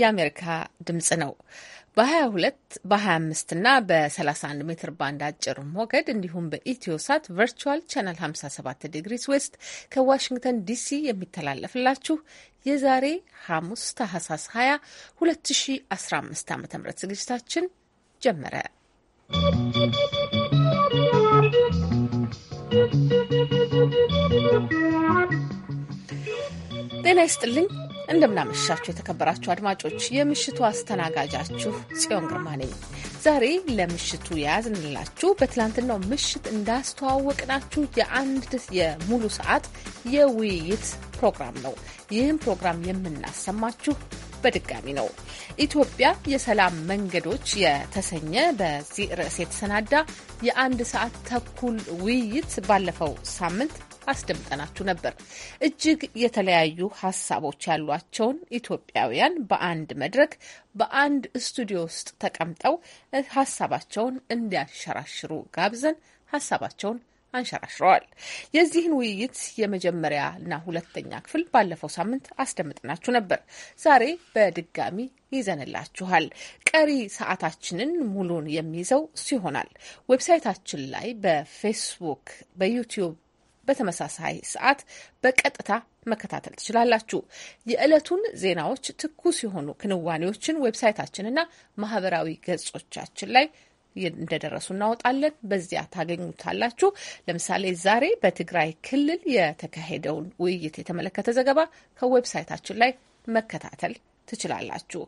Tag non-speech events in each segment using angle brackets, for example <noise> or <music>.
የአሜሪካ ድምጽ ነው። በ22 በ25 እና በ31 ሜትር ባንድ አጭር ሞገድ እንዲሁም በኢትዮሳት ቨርቹዋል ቻናል 57 ዲግሪስ ዌስት ከዋሽንግተን ዲሲ የሚተላለፍላችሁ የዛሬ ሐሙስ ታህሳስ 20 2015 ዓ ም ዝግጅታችን ጀመረ። ጤና ይስጥልኝ። እንደምናመሻችሁ የተከበራችሁ አድማጮች፣ የምሽቱ አስተናጋጃችሁ ጽዮን ግርማ ነኝ። ዛሬ ለምሽቱ የያዝንላችሁ በትላንትናው ምሽት እንዳስተዋወቅናችሁ የአንድ የሙሉ ሰዓት የውይይት ፕሮግራም ነው። ይህም ፕሮግራም የምናሰማችሁ በድጋሚ ነው። ኢትዮጵያ የሰላም መንገዶች የተሰኘ በዚህ ርዕስ የተሰናዳ የአንድ ሰዓት ተኩል ውይይት ባለፈው ሳምንት አስደምጠናችሁ ነበር። እጅግ የተለያዩ ሀሳቦች ያሏቸውን ኢትዮጵያውያን በአንድ መድረክ በአንድ ስቱዲዮ ውስጥ ተቀምጠው ሀሳባቸውን እንዲያንሸራሽሩ ጋብዘን ሀሳባቸውን አንሸራሽረዋል። የዚህን ውይይት የመጀመሪያና ሁለተኛ ክፍል ባለፈው ሳምንት አስደምጥናችሁ ነበር። ዛሬ በድጋሚ ይዘንላችኋል። ቀሪ ሰዓታችንን ሙሉን የሚይዘው ይሆናል። ዌብሳይታችን ላይ በፌስቡክ በዩቲዩብ በተመሳሳይ ሰዓት በቀጥታ መከታተል ትችላላችሁ። የዕለቱን ዜናዎች፣ ትኩስ የሆኑ ክንዋኔዎችን ዌብሳይታችንና ማህበራዊ ገጾቻችን ላይ እንደደረሱ እናወጣለን። በዚያ ታገኙታላችሁ። ለምሳሌ ዛሬ በትግራይ ክልል የተካሄደውን ውይይት የተመለከተ ዘገባ ከዌብሳይታችን ላይ መከታተል ትችላላችሁ።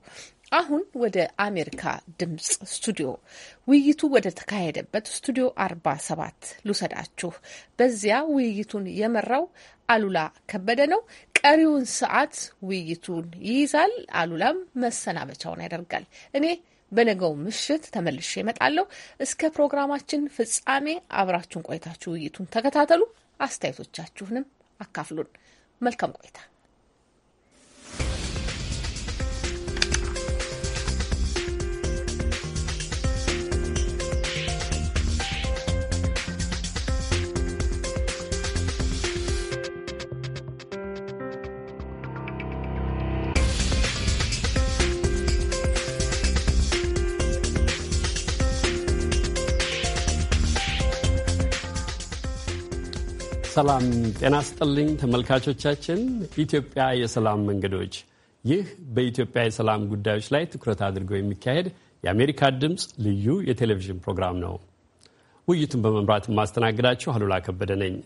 አሁን ወደ አሜሪካ ድምጽ ስቱዲዮ ውይይቱ ወደ ተካሄደበት ስቱዲዮ አርባ ሰባት ልውሰዳችሁ። በዚያ ውይይቱን የመራው አሉላ ከበደ ነው። ቀሪውን ሰዓት ውይይቱን ይይዛል። አሉላም መሰናበቻውን ያደርጋል። እኔ በነገው ምሽት ተመልሼ እመጣለሁ። እስከ ፕሮግራማችን ፍጻሜ አብራችሁን ቆይታችሁ ውይይቱን ተከታተሉ። አስተያየቶቻችሁንም አካፍሉን። መልካም ቆይታ ሰላም ጤና ስጥልኝ ተመልካቾቻችን። ኢትዮጵያ የሰላም መንገዶች፣ ይህ በኢትዮጵያ የሰላም ጉዳዮች ላይ ትኩረት አድርጎ የሚካሄድ የአሜሪካ ድምፅ ልዩ የቴሌቪዥን ፕሮግራም ነው። ውይይቱን በመምራት የማስተናግዳችሁ አሉላ ከበደ ነኝ።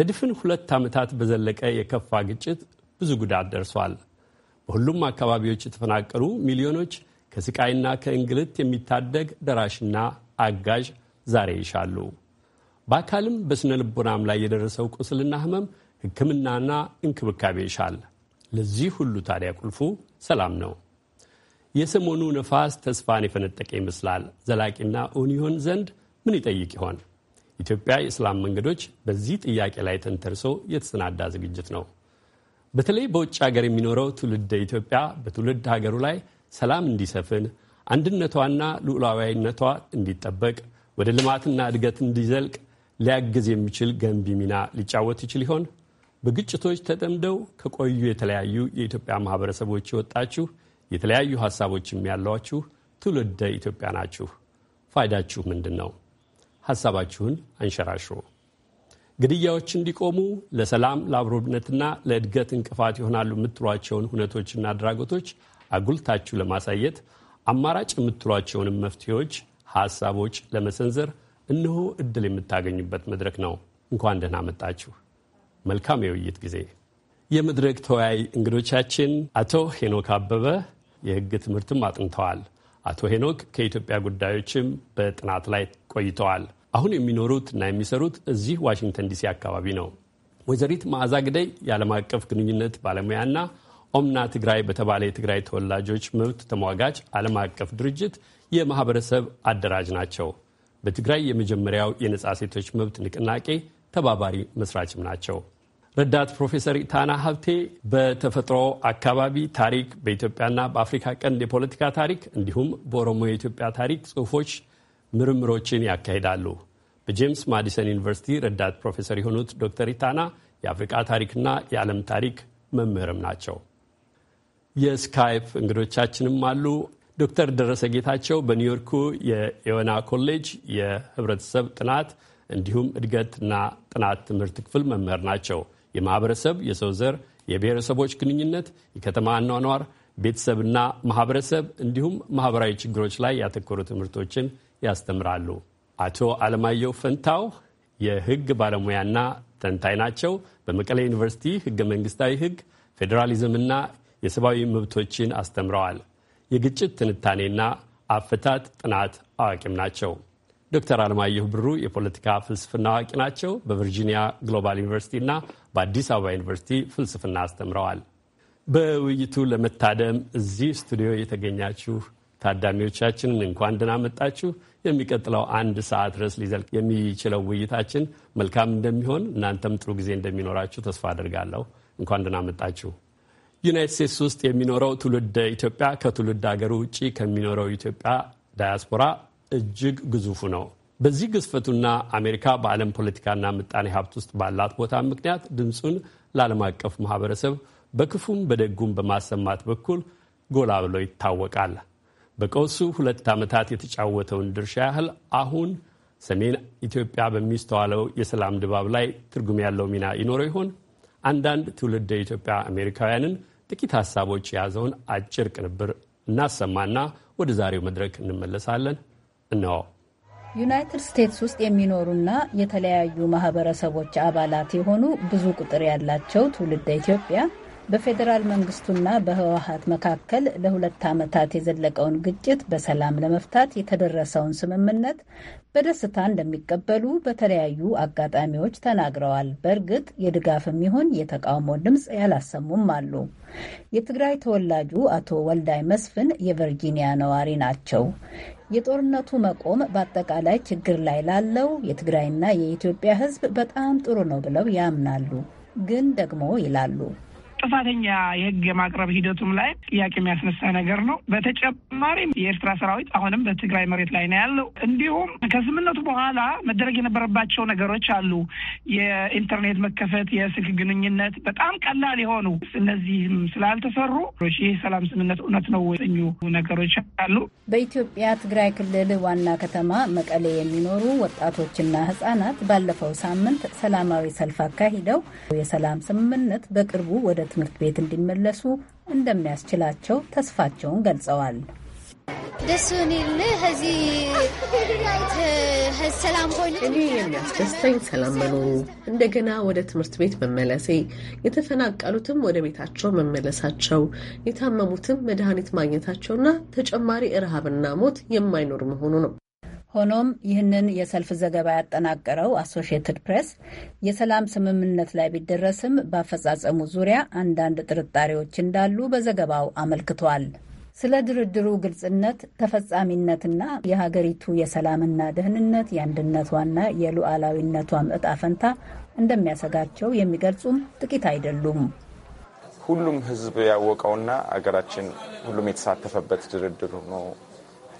ለድፍን ሁለት ዓመታት በዘለቀ የከፋ ግጭት ብዙ ጉዳት ደርሷል። በሁሉም አካባቢዎች የተፈናቀሉ ሚሊዮኖች ከስቃይና ከእንግልት የሚታደግ ደራሽና አጋዥ ዛሬ ይሻሉ። በአካልም በስነ ልቦናም ላይ የደረሰው ቁስልና ህመም ሕክምናና እንክብካቤ ይሻል። ለዚህ ሁሉ ታዲያ ቁልፉ ሰላም ነው። የሰሞኑ ነፋስ ተስፋን የፈነጠቀ ይመስላል። ዘላቂና እውን ይሆን ዘንድ ምን ይጠይቅ ይሆን? ኢትዮጵያ የሰላም መንገዶች በዚህ ጥያቄ ላይ ተንተርሶ የተሰናዳ ዝግጅት ነው። በተለይ በውጭ ሀገር የሚኖረው ትውልደ ኢትዮጵያ በትውልድ ሀገሩ ላይ ሰላም እንዲሰፍን፣ አንድነቷና ሉዓላዊነቷ እንዲጠበቅ፣ ወደ ልማትና እድገት እንዲዘልቅ ሊያግዝ የሚችል ገንቢ ሚና ሊጫወት ይችል ይሆን? በግጭቶች ተጠምደው ከቆዩ የተለያዩ የኢትዮጵያ ማህበረሰቦች የወጣችሁ የተለያዩ ሀሳቦችም ያሏችሁ ትውልደ ኢትዮጵያ ናችሁ። ፋይዳችሁ ምንድን ነው? ሀሳባችሁን አንሸራሽሩ። ግድያዎች እንዲቆሙ ለሰላም ለአብሮነትና ለእድገት እንቅፋት ይሆናሉ የምትሏቸውን ሁነቶችና አድራጎቶች አጉልታችሁ ለማሳየት አማራጭ የምትሏቸውንም መፍትሄዎች፣ ሀሳቦች ለመሰንዘር እነሆ እድል የምታገኙበት መድረክ ነው። እንኳን ደህና መጣችሁ። መልካም የውይይት ጊዜ። የመድረክ ተወያይ እንግዶቻችን አቶ ሄኖክ አበበ የህግ ትምህርትም አጥንተዋል። አቶ ሄኖክ ከኢትዮጵያ ጉዳዮችም በጥናት ላይ ቆይተዋል። አሁን የሚኖሩት እና የሚሰሩት እዚህ ዋሽንግተን ዲሲ አካባቢ ነው። ወይዘሪት መዓዛ ግደይ የዓለም አቀፍ ግንኙነት ባለሙያና ኦምና ትግራይ በተባለ የትግራይ ተወላጆች መብት ተሟጋች ዓለም አቀፍ ድርጅት የማህበረሰብ አደራጅ ናቸው። በትግራይ የመጀመሪያው የነጻ ሴቶች መብት ንቅናቄ ተባባሪ መስራችም ናቸው። ረዳት ፕሮፌሰር ኢታና ሀብቴ በተፈጥሮ አካባቢ ታሪክ በኢትዮጵያና በአፍሪካ ቀንድ የፖለቲካ ታሪክ እንዲሁም በኦሮሞ የኢትዮጵያ ታሪክ ጽሁፎች ምርምሮችን ያካሂዳሉ። በጄምስ ማዲሰን ዩኒቨርሲቲ ረዳት ፕሮፌሰር የሆኑት ዶክተር ኢታና የአፍሪቃ ታሪክና የዓለም ታሪክ መምህርም ናቸው። የስካይፕ እንግዶቻችንም አሉ። ዶክተር ደረሰ ጌታቸው በኒውዮርኩ የኤዮና ኮሌጅ የህብረተሰብ ጥናት እንዲሁም እድገትና ጥናት ትምህርት ክፍል መምህር ናቸው። የማህበረሰብ የሰው ዘር የብሔረሰቦች ግንኙነት፣ የከተማ አኗኗር፣ ቤተሰብና ማህበረሰብ እንዲሁም ማህበራዊ ችግሮች ላይ ያተኮሩ ትምህርቶችን ያስተምራሉ። አቶ አለማየሁ ፈንታው የህግ ባለሙያና ተንታኝ ናቸው። በመቀሌ ዩኒቨርሲቲ ህገ መንግስታዊ ህግ፣ ፌዴራሊዝምና የሰብአዊ መብቶችን አስተምረዋል። የግጭት ትንታኔና አፈታት ጥናት አዋቂም ናቸው። ዶክተር አለማየሁ ብሩ የፖለቲካ ፍልስፍና አዋቂ ናቸው። በቨርጂኒያ ግሎባል ዩኒቨርሲቲ እና በአዲስ አበባ ዩኒቨርሲቲ ፍልስፍና አስተምረዋል። በውይይቱ ለመታደም እዚህ ስቱዲዮ የተገኛችሁ ታዳሚዎቻችንን እንኳን ደህና መጣችሁ። የሚቀጥለው አንድ ሰዓት ድረስ ሊዘልቅ የሚችለው ውይይታችን መልካም እንደሚሆን እናንተም ጥሩ ጊዜ እንደሚኖራችሁ ተስፋ አድርጋለሁ። እንኳን ደህና መጣችሁ። ዩናይት ስቴትስ ውስጥ የሚኖረው ትውልደ ኢትዮጵያ ከትውልድ ሀገር ውጭ ከሚኖረው ኢትዮጵያ ዳያስፖራ እጅግ ግዙፉ ነው። በዚህ ግዝፈቱና አሜሪካ በዓለም ፖለቲካና ምጣኔ ሀብት ውስጥ ባላት ቦታ ምክንያት ድምፁን ለዓለም አቀፍ ማህበረሰብ በክፉም በደጉም በማሰማት በኩል ጎላ ብሎ ይታወቃል። በቀውሱ ሁለት ዓመታት የተጫወተውን ድርሻ ያህል አሁን ሰሜን ኢትዮጵያ በሚስተዋለው የሰላም ድባብ ላይ ትርጉም ያለው ሚና ይኖረው ይሆን? አንዳንድ ትውልደ ኢትዮጵያ አሜሪካውያንን ጥቂት ሀሳቦች የያዘውን አጭር ቅንብር እናሰማና ወደ ዛሬው መድረክ እንመለሳለን። እነሆ። ዩናይትድ ስቴትስ ውስጥ የሚኖሩና የተለያዩ ማህበረሰቦች አባላት የሆኑ ብዙ ቁጥር ያላቸው ትውልደ ኢትዮጵያ በፌዴራል መንግስቱና በህወሀት መካከል ለሁለት ዓመታት የዘለቀውን ግጭት በሰላም ለመፍታት የተደረሰውን ስምምነት በደስታ እንደሚቀበሉ በተለያዩ አጋጣሚዎች ተናግረዋል። በእርግጥ የድጋፍም ይሁን የተቃውሞ ድምፅ ያላሰሙም አሉ። የትግራይ ተወላጁ አቶ ወልዳይ መስፍን የቨርጂኒያ ነዋሪ ናቸው። የጦርነቱ መቆም በአጠቃላይ ችግር ላይ ላለው የትግራይና የኢትዮጵያ ሕዝብ በጣም ጥሩ ነው ብለው ያምናሉ። ግን ደግሞ ይላሉ ጥፋተኛ የህግ የማቅረብ ሂደቱም ላይ ጥያቄ የሚያስነሳ ነገር ነው። በተጨማሪም የኤርትራ ሰራዊት አሁንም በትግራይ መሬት ላይ ነው ያለው። እንዲሁም ከስምምነቱ በኋላ መደረግ የነበረባቸው ነገሮች አሉ። የኢንተርኔት መከፈት፣ የስልክ ግንኙነት በጣም ቀላል የሆኑ እነዚህም ስላልተሰሩ ይህ ሰላም ስምምነት እውነት ነው ወሰኙ ነገሮች አሉ። በኢትዮጵያ ትግራይ ክልል ዋና ከተማ መቀሌ የሚኖሩ ወጣቶችና ህጻናት ባለፈው ሳምንት ሰላማዊ ሰልፍ አካሂደው የሰላም ስምምነት በቅርቡ ወደ ትምህርት ቤት እንዲመለሱ እንደሚያስችላቸው ተስፋቸውን ገልጸዋል። ደስ ሆኔል ዚ ሰላም ሆነ። እኔ የሚያስደስተኝ ሰላም መኖሩ፣ እንደገና ወደ ትምህርት ቤት መመለሴ፣ የተፈናቀሉትም ወደ ቤታቸው መመለሳቸው፣ የታመሙትም መድኃኒት ማግኘታቸውና ተጨማሪ ረሃብና ሞት የማይኖር መሆኑ ነው። ሆኖም ይህንን የሰልፍ ዘገባ ያጠናቀረው አሶሽየትድ ፕሬስ የሰላም ስምምነት ላይ ቢደረስም በአፈጻጸሙ ዙሪያ አንዳንድ ጥርጣሬዎች እንዳሉ በዘገባው አመልክቷል። ስለ ድርድሩ ግልጽነት፣ ተፈጻሚነትና የሀገሪቱ የሰላምና ደህንነት የአንድነቷና የሉዓላዊነቷም እጣ ፈንታ እንደሚያሰጋቸው የሚገልጹም ጥቂት አይደሉም። ሁሉም ህዝብ ያወቀውና አገራችን ሁሉም የተሳተፈበት ድርድር ነው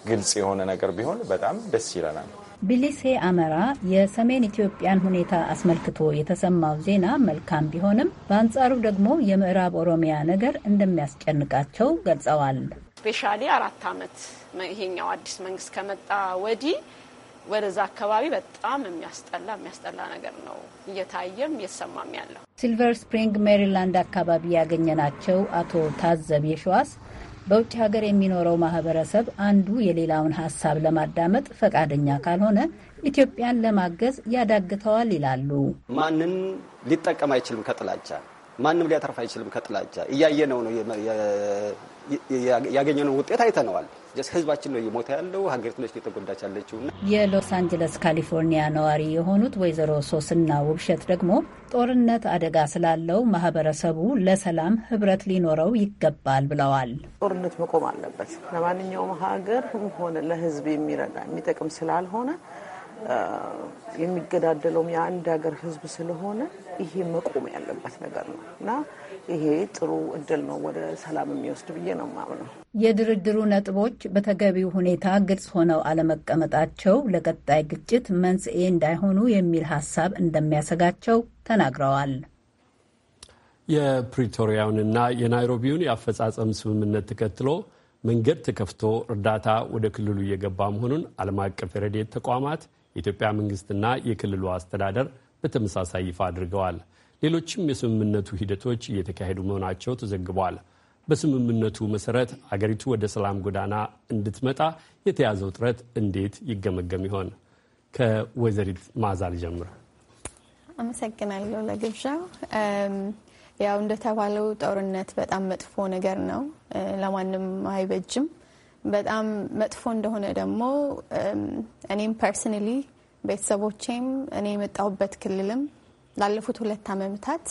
ግልጽ የሆነ ነገር ቢሆን በጣም ደስ ይለናል። ቢሊሴ አመራ የሰሜን ኢትዮጵያን ሁኔታ አስመልክቶ የተሰማው ዜና መልካም ቢሆንም በአንጻሩ ደግሞ የምዕራብ ኦሮሚያ ነገር እንደሚያስጨንቃቸው ገልጸዋል። ስፔሻሊ አራት ዓመት ይሄኛው አዲስ መንግስት ከመጣ ወዲህ ወደዛ አካባቢ በጣም የሚያስጠላ የሚያስጠላ ነገር ነው እየታየም እየሰማም ያለው። ሲልቨር ስፕሪንግ ሜሪላንድ አካባቢ ያገኘናቸው አቶ ታዘብ የሸዋስ በውጭ ሀገር የሚኖረው ማህበረሰብ አንዱ የሌላውን ሀሳብ ለማዳመጥ ፈቃደኛ ካልሆነ ኢትዮጵያን ለማገዝ ያዳግተዋል ይላሉ። ማንም ሊጠቀም አይችልም ከጥላቻ ማንም ሊያተርፍ አይችልም ከጥላቻ እያየነው ነው ያገኘነው ውጤት አይተነዋል። ህዝባችን ነው እየሞተ ያለው፣ ሀገሪቱ ነች እየተጎዳች ያለችው። የሎስ አንጀለስ ካሊፎርኒያ ነዋሪ የሆኑት ወይዘሮ ሶስና ውብሸት ደግሞ ጦርነት አደጋ ስላለው ማህበረሰቡ ለሰላም ህብረት ሊኖረው ይገባል ብለዋል። ጦርነት መቆም አለበት። ለማንኛውም ሀገር ሆነ ለህዝብ የሚረዳ የሚጠቅም ስላልሆነ የሚገዳደለውም የአንድ ሀገር ህዝብ ስለሆነ ይሄ መቆም ያለበት ነገር ነው እና ይሄ ጥሩ እድል ነው ወደ ሰላም የሚወስድ ብዬ ነው የማምነው። የድርድሩ ነጥቦች በተገቢው ሁኔታ ግልጽ ሆነው አለመቀመጣቸው ለቀጣይ ግጭት መንስኤ እንዳይሆኑ የሚል ሀሳብ እንደሚያሰጋቸው ተናግረዋል። የፕሪቶሪያውንና የናይሮቢውን የአፈጻጸም ስምምነት ተከትሎ መንገድ ተከፍቶ እርዳታ ወደ ክልሉ እየገባ መሆኑን ዓለም አቀፍ የረድኤት ተቋማት የኢትዮጵያ መንግስትና የክልሉ አስተዳደር በተመሳሳይ ይፋ አድርገዋል። ሌሎችም የስምምነቱ ሂደቶች እየተካሄዱ መሆናቸው ተዘግቧል። በስምምነቱ መሰረት አገሪቱ ወደ ሰላም ጎዳና እንድትመጣ የተያዘው ጥረት እንዴት ይገመገም ይሆን? ከወይዘሪት ማዛል ጀምር አመሰግናለሁ ለግብዣው። ያው እንደተባለው ጦርነት በጣም መጥፎ ነገር ነው፣ ለማንም አይበጅም። በጣም መጥፎ እንደሆነ ደግሞ እኔም ፐርሰናሊ ቤተሰቦቼም እኔ የመጣሁበት ክልልም ላለፉት ሁለት ዓመታት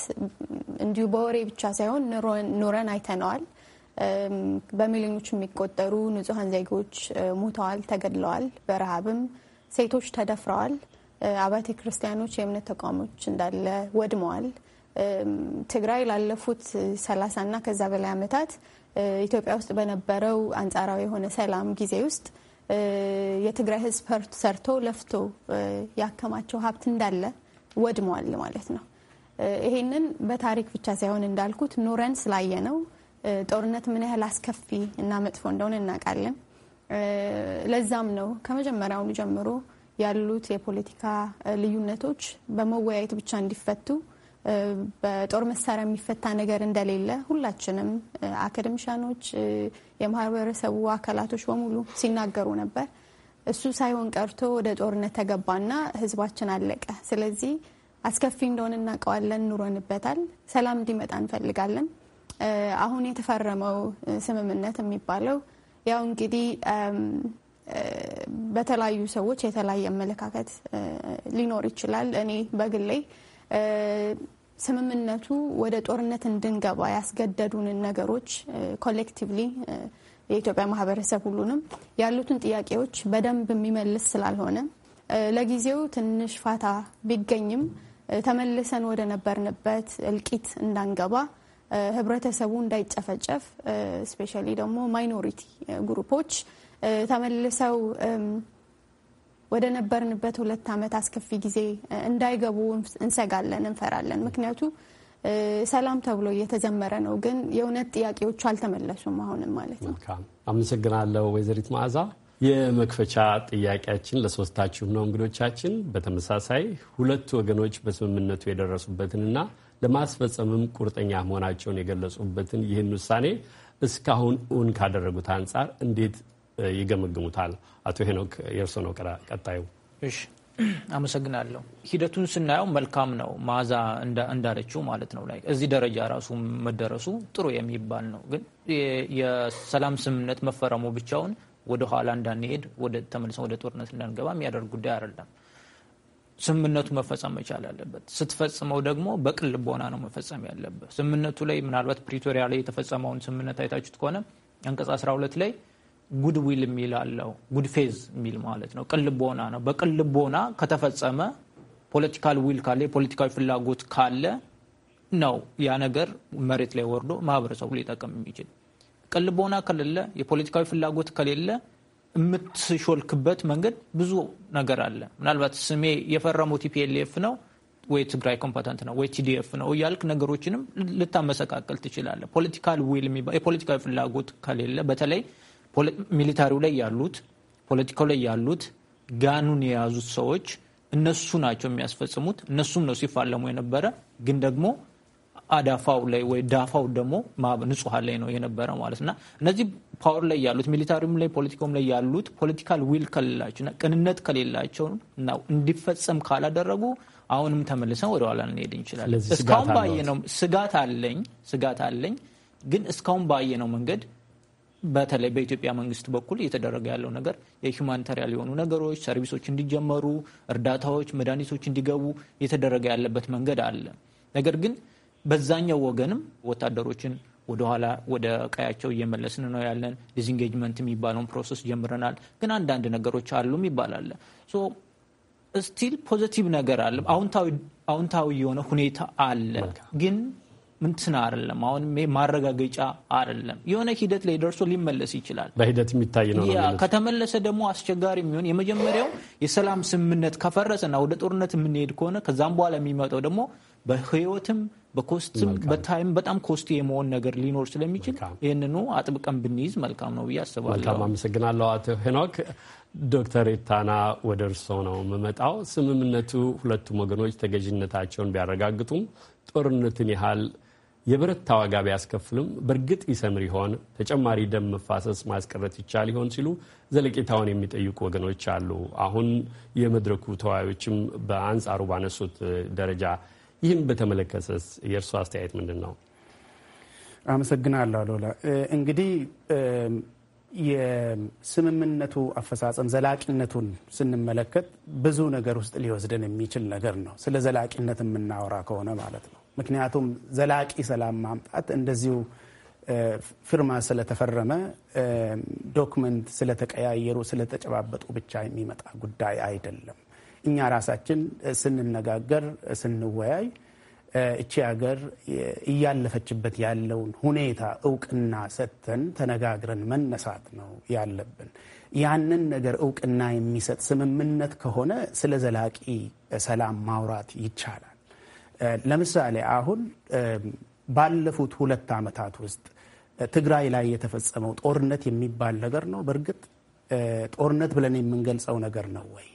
እንዲሁ በወሬ ብቻ ሳይሆን ኑረን አይተነዋል። በሚሊዮኖች የሚቆጠሩ ንጹሐን ዜጎች ሞተዋል፣ ተገድለዋል። በረሃብም ሴቶች ተደፍረዋል። አብያተ ክርስቲያኖች፣ የእምነት ተቋሞች እንዳለ ወድመዋል። ትግራይ ላለፉት ና ከዛ በላይ ዓመታት ኢትዮጵያ ውስጥ በነበረው አንጻራዊ የሆነ ሰላም ጊዜ ውስጥ የትግራይ ሕዝብ ሰርቶ ለፍቶ ያከማቸው ሀብት እንዳለ ወድመዋል ማለት ነው። ይሄንን በታሪክ ብቻ ሳይሆን እንዳልኩት ኑረን ስላየ ነው። ጦርነት ምን ያህል አስከፊ እና መጥፎ እንደሆነ እናውቃለን። ለዛም ነው ከመጀመሪያውኑ ጀምሮ ያሉት የፖለቲካ ልዩነቶች በመወያየት ብቻ እንዲፈቱ በጦር መሳሪያ የሚፈታ ነገር እንደሌለ ሁላችንም አካደሚሻኖች፣ የማህበረሰቡ አካላቶች በሙሉ ሲናገሩ ነበር። እሱ ሳይሆን ቀርቶ ወደ ጦርነት ተገባና ህዝባችን አለቀ። ስለዚህ አስከፊ እንደሆነ እናውቀዋለን፣ ኑሮንበታል። ሰላም እንዲመጣ እንፈልጋለን። አሁን የተፈረመው ስምምነት የሚባለው ያው እንግዲህ በተለያዩ ሰዎች የተለያየ አመለካከት ሊኖር ይችላል። እኔ በግሌ ስምምነቱ ወደ ጦርነት እንድንገባ ያስገደዱንን ነገሮች ኮሌክቲቭሊ የኢትዮጵያ ማህበረሰብ ሁሉንም ያሉትን ጥያቄዎች በደንብ የሚመልስ ስላልሆነ ለጊዜው ትንሽ ፋታ ቢገኝም ተመልሰን ወደ ነበርንበት እልቂት እንዳንገባ ህብረተሰቡ እንዳይጨፈጨፍ ስፔሻሊ ደግሞ ማይኖሪቲ ግሩፖች ተመልሰው ወደ ነበርንበት ሁለት ዓመት አስከፊ ጊዜ እንዳይገቡ እንሰጋለን፣ እንፈራለን። ምክንያቱ ሰላም ተብሎ እየተዘመረ ነው። ግን የእውነት ጥያቄዎቹ አልተመለሱም። አሁንም ማለት ነው። አመሰግናለሁ ወይዘሪት መዓዛ። የመክፈቻ ጥያቄያችን ለሶስታችሁም ነው እንግዶቻችን። በተመሳሳይ ሁለቱ ወገኖች በስምምነቱ የደረሱበትንና ለማስፈጸምም ቁርጠኛ መሆናቸውን የገለጹበትን ይህን ውሳኔ እስካሁን እውን ካደረጉት አንጻር እንዴት ይገመግሙታል? አቶ ሄኖክ የእርስ ነው ቀጣዩ። እሺ አመሰግናለሁ። ሂደቱን ስናየው መልካም ነው። መዓዛ እንዳለችው ማለት ነው ላይ እዚህ ደረጃ ራሱ መደረሱ ጥሩ የሚባል ነው። ግን የሰላም ስምምነት መፈረሙ ብቻውን ወደ ኋላ እንዳንሄድ ወደ ተመልሰን ወደ ጦርነት እንዳንገባ የሚያደርግ ጉዳይ አይደለም። ስምምነቱ መፈጸም መቻል አለበት። ስትፈጽመው ደግሞ በቅን ልቦና ነው መፈጸም ያለበት። ስምምነቱ ላይ ምናልባት ፕሪቶሪያ ላይ የተፈጸመውን ስምምነት አይታችሁት ከሆነ አንቀጽ 12 ላይ ጉድ ዊል የሚል አለው። ጉድ ፌዝ የሚል ማለት ነው። ቅልቦና ነው። በቅልቦና ከተፈጸመ ፖለቲካል ዊል ካለ የፖለቲካዊ ፍላጎት ካለ ነው ያ ነገር መሬት ላይ ወርዶ ማህበረሰቡ ሊጠቀም የሚችል። ቅልቦና ከሌለ፣ የፖለቲካዊ ፍላጎት ከሌለ የምትሾልክበት መንገድ ብዙ ነገር አለ። ምናልባት ስሜ የፈረመው ቲፒኤልኤፍ ነው ወይ ትግራይ ኮምፓታንት ነው ወይ ቲዲኤፍ ነው እያልክ ነገሮችንም ልታመሰቃቀል ትችላለህ። ፖለቲካል ዊል የፖለቲካዊ ፍላጎት ከሌለ በተለይ ሚሊታሪው ላይ ያሉት ፖለቲካው ላይ ያሉት ጋኑን የያዙት ሰዎች እነሱ ናቸው የሚያስፈጽሙት። እነሱም ነው ሲፋለሙ የነበረ ግን ደግሞ አዳፋው ላይ ወይ ዳፋው ደግሞ ንጹሐን ላይ ነው የነበረ ማለት እና እነዚህ ፓወር ላይ ያሉት ሚሊታሪም ላይ ፖለቲካውም ላይ ያሉት ፖለቲካል ዊል ከሌላቸውና ቅንነት ከሌላቸው እና እንዲፈጸም ካላደረጉ አሁንም ተመልሰን ወደ ኋላ ልንሄድ እንችላለን። እስካሁን ባየነው ስጋት አለኝ ስጋት አለኝ ግን እስካሁን ባየነው መንገድ በተለይ በኢትዮጵያ መንግስት በኩል እየተደረገ ያለው ነገር የሁማኒታሪያን የሆኑ ነገሮች፣ ሰርቪሶች እንዲጀመሩ፣ እርዳታዎች፣ መድኃኒቶች እንዲገቡ እየተደረገ ያለበት መንገድ አለ። ነገር ግን በዛኛው ወገንም ወታደሮችን ወደኋላ ወደ ቀያቸው እየመለስን ነው ያለን። ዲዝንጌጅመንት የሚባለውን ፕሮሰስ ጀምረናል፣ ግን አንዳንድ ነገሮች አሉም ይባላል። ሶ ስቲል ፖዘቲቭ ነገር አለ፣ አዎንታዊ የሆነ ሁኔታ አለ ግን ምንትን አይደለም። አሁን ማረጋገጫ አይደለም። የሆነ ሂደት ላይ ደርሶ ሊመለስ ይችላል። በሂደት የሚታይ ነው። ከተመለሰ ደግሞ አስቸጋሪ የሚሆን የመጀመሪያው የሰላም ስምምነት ከፈረሰና ወደ ጦርነት የምንሄድ ከሆነ ከዛም በኋላ የሚመጣው ደግሞ በህይወትም በኮስትም በታይም በጣም ኮስት የመሆን ነገር ሊኖር ስለሚችል ይህንኑ አጥብቀን ብንይዝ መልካም ነው ብዬ አስባለሁ። መልካም አመሰግናለሁ። አቶ ሄኖክ ዶክተር ኤታና ወደ እርስዎ ነው የምመጣው። ስምምነቱ ሁለቱም ወገኖች ተገዥነታቸውን ቢያረጋግጡም ጦርነትን ያህል የበረታ ዋጋ ቢያስከፍልም በእርግጥ ይሰምር ይሆን? ተጨማሪ ደም መፋሰስ ማስቀረት ይቻል ይሆን? ሲሉ ዘለቄታውን የሚጠይቁ ወገኖች አሉ። አሁን የመድረኩ ተወያዮችም በአንጻሩ ባነሱት ደረጃ ይህም በተመለከተ የእርሱ አስተያየት ምንድን ነው? አመሰግናለሁ አሉላ። እንግዲህ የስምምነቱ አፈጻጸም ዘላቂነቱን ስንመለከት ብዙ ነገር ውስጥ ሊወስደን የሚችል ነገር ነው፣ ስለ ዘላቂነት የምናወራ ከሆነ ማለት ነው። ምክንያቱም ዘላቂ ሰላም ማምጣት እንደዚሁ ፊርማ ስለተፈረመ ዶክመንት ስለተቀያየሩ ስለተጨባበጡ ብቻ የሚመጣ ጉዳይ አይደለም። እኛ ራሳችን ስንነጋገር፣ ስንወያይ እቺ ሀገር እያለፈችበት ያለውን ሁኔታ እውቅና ሰጥተን ተነጋግረን መነሳት ነው ያለብን። ያንን ነገር እውቅና የሚሰጥ ስምምነት ከሆነ ስለ ዘላቂ ሰላም ማውራት ይቻላል። ለምሳሌ አሁን ባለፉት ሁለት ዓመታት ውስጥ ትግራይ ላይ የተፈጸመው ጦርነት የሚባል ነገር ነው። በእርግጥ ጦርነት ብለን የምንገልጸው ነገር ነው ወይ?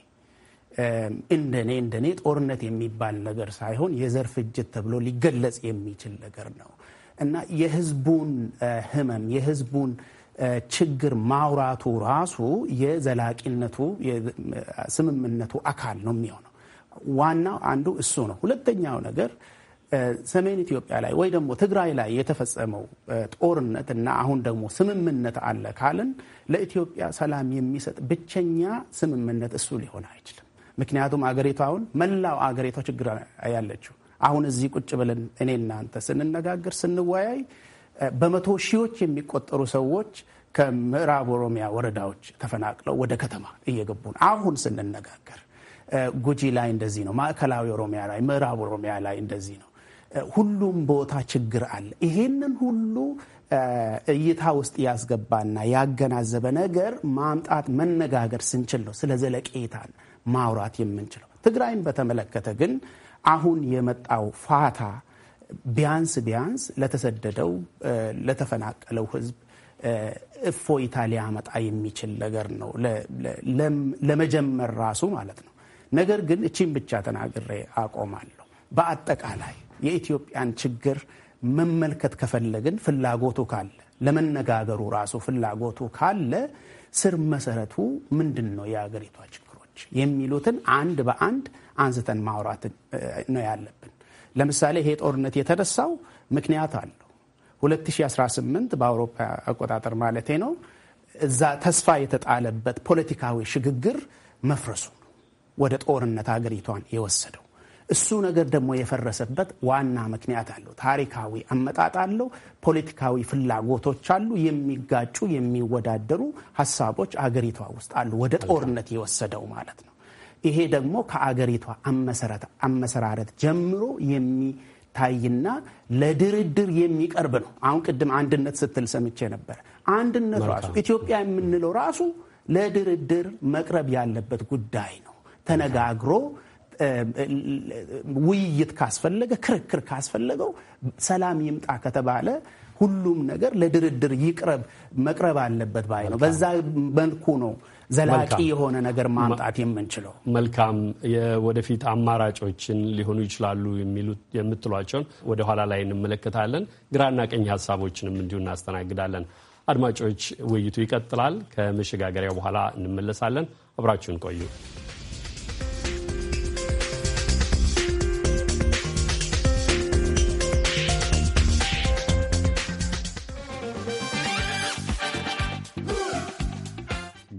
እንደኔ እንደኔ ጦርነት የሚባል ነገር ሳይሆን የዘር ፍጅት ተብሎ ሊገለጽ የሚችል ነገር ነው እና የህዝቡን ህመም የህዝቡን ችግር ማውራቱ ራሱ የዘላቂነቱ ስምምነቱ አካል ነው የሚሆነው። ዋናው አንዱ እሱ ነው። ሁለተኛው ነገር ሰሜን ኢትዮጵያ ላይ ወይ ደግሞ ትግራይ ላይ የተፈጸመው ጦርነት እና አሁን ደግሞ ስምምነት አለ ካልን ለኢትዮጵያ ሰላም የሚሰጥ ብቸኛ ስምምነት እሱ ሊሆን አይችልም። ምክንያቱም አገሪቷ አሁን መላው አገሪቷ ችግር ያለችው አሁን እዚህ ቁጭ ብለን እኔ እናንተ ስንነጋገር ስንወያይ በመቶ ሺዎች የሚቆጠሩ ሰዎች ከምዕራብ ኦሮሚያ ወረዳዎች ተፈናቅለው ወደ ከተማ እየገቡ ነው አሁን ስንነጋገር ጉጂ ላይ እንደዚህ ነው። ማዕከላዊ ኦሮሚያ ላይ፣ ምዕራብ ኦሮሚያ ላይ እንደዚህ ነው። ሁሉም ቦታ ችግር አለ። ይሄንን ሁሉ እይታ ውስጥ ያስገባና ያገናዘበ ነገር ማምጣት መነጋገር ስንችል ነው ስለ ዘለቄታን ማውራት የምንችለው። ትግራይን በተመለከተ ግን አሁን የመጣው ፋታ ቢያንስ ቢያንስ ለተሰደደው ለተፈናቀለው ህዝብ እፎይታ ሊያመጣ የሚችል ነገር ነው ለመጀመር ራሱ ማለት ነው። ነገር ግን እቺን ብቻ ተናግሬ አቆማለሁ። በአጠቃላይ የኢትዮጵያን ችግር መመልከት ከፈለግን ፍላጎቱ ካለ ለመነጋገሩ ራሱ ፍላጎቱ ካለ ስር መሰረቱ ምንድን ነው የአገሪቷ ችግሮች የሚሉትን አንድ በአንድ አንስተን ማውራት ነው ያለብን። ለምሳሌ ይሄ ጦርነት የተነሳው ምክንያት አለው። 2018 በአውሮፓ አቆጣጠር ማለቴ ነው። እዛ ተስፋ የተጣለበት ፖለቲካዊ ሽግግር መፍረሱ ወደ ጦርነት አገሪቷን የወሰደው። እሱ ነገር ደግሞ የፈረሰበት ዋና ምክንያት አለው። ታሪካዊ አመጣጥ አለው። ፖለቲካዊ ፍላጎቶች አሉ። የሚጋጩ የሚወዳደሩ ሀሳቦች አገሪቷ ውስጥ አሉ። ወደ ጦርነት የወሰደው ማለት ነው። ይሄ ደግሞ ከአገሪቷ አመሰራረት ጀምሮ የሚታይና ለድርድር የሚቀርብ ነው። አሁን ቅድም አንድነት ስትል ሰምቼ ነበር። አንድነት ራሱ ኢትዮጵያ የምንለው ራሱ ለድርድር መቅረብ ያለበት ጉዳይ ነው። ተነጋግሮ ውይይት ካስፈለገ ክርክር ካስፈለገው ሰላም ይምጣ ከተባለ ሁሉም ነገር ለድርድር ይቅረብ መቅረብ አለበት ባይ ነው። በዛ መልኩ ነው ዘላቂ የሆነ ነገር ማምጣት የምንችለው። መልካም ወደፊት አማራጮችን ሊሆኑ ይችላሉ የምትሏቸውን ወደኋላ ላይ እንመለከታለን። ግራና ቀኝ ሀሳቦችንም እንዲሁ እናስተናግዳለን። አድማጮች፣ ውይይቱ ይቀጥላል። ከመሸጋገሪያ በኋላ እንመለሳለን። አብራችሁን ቆዩ።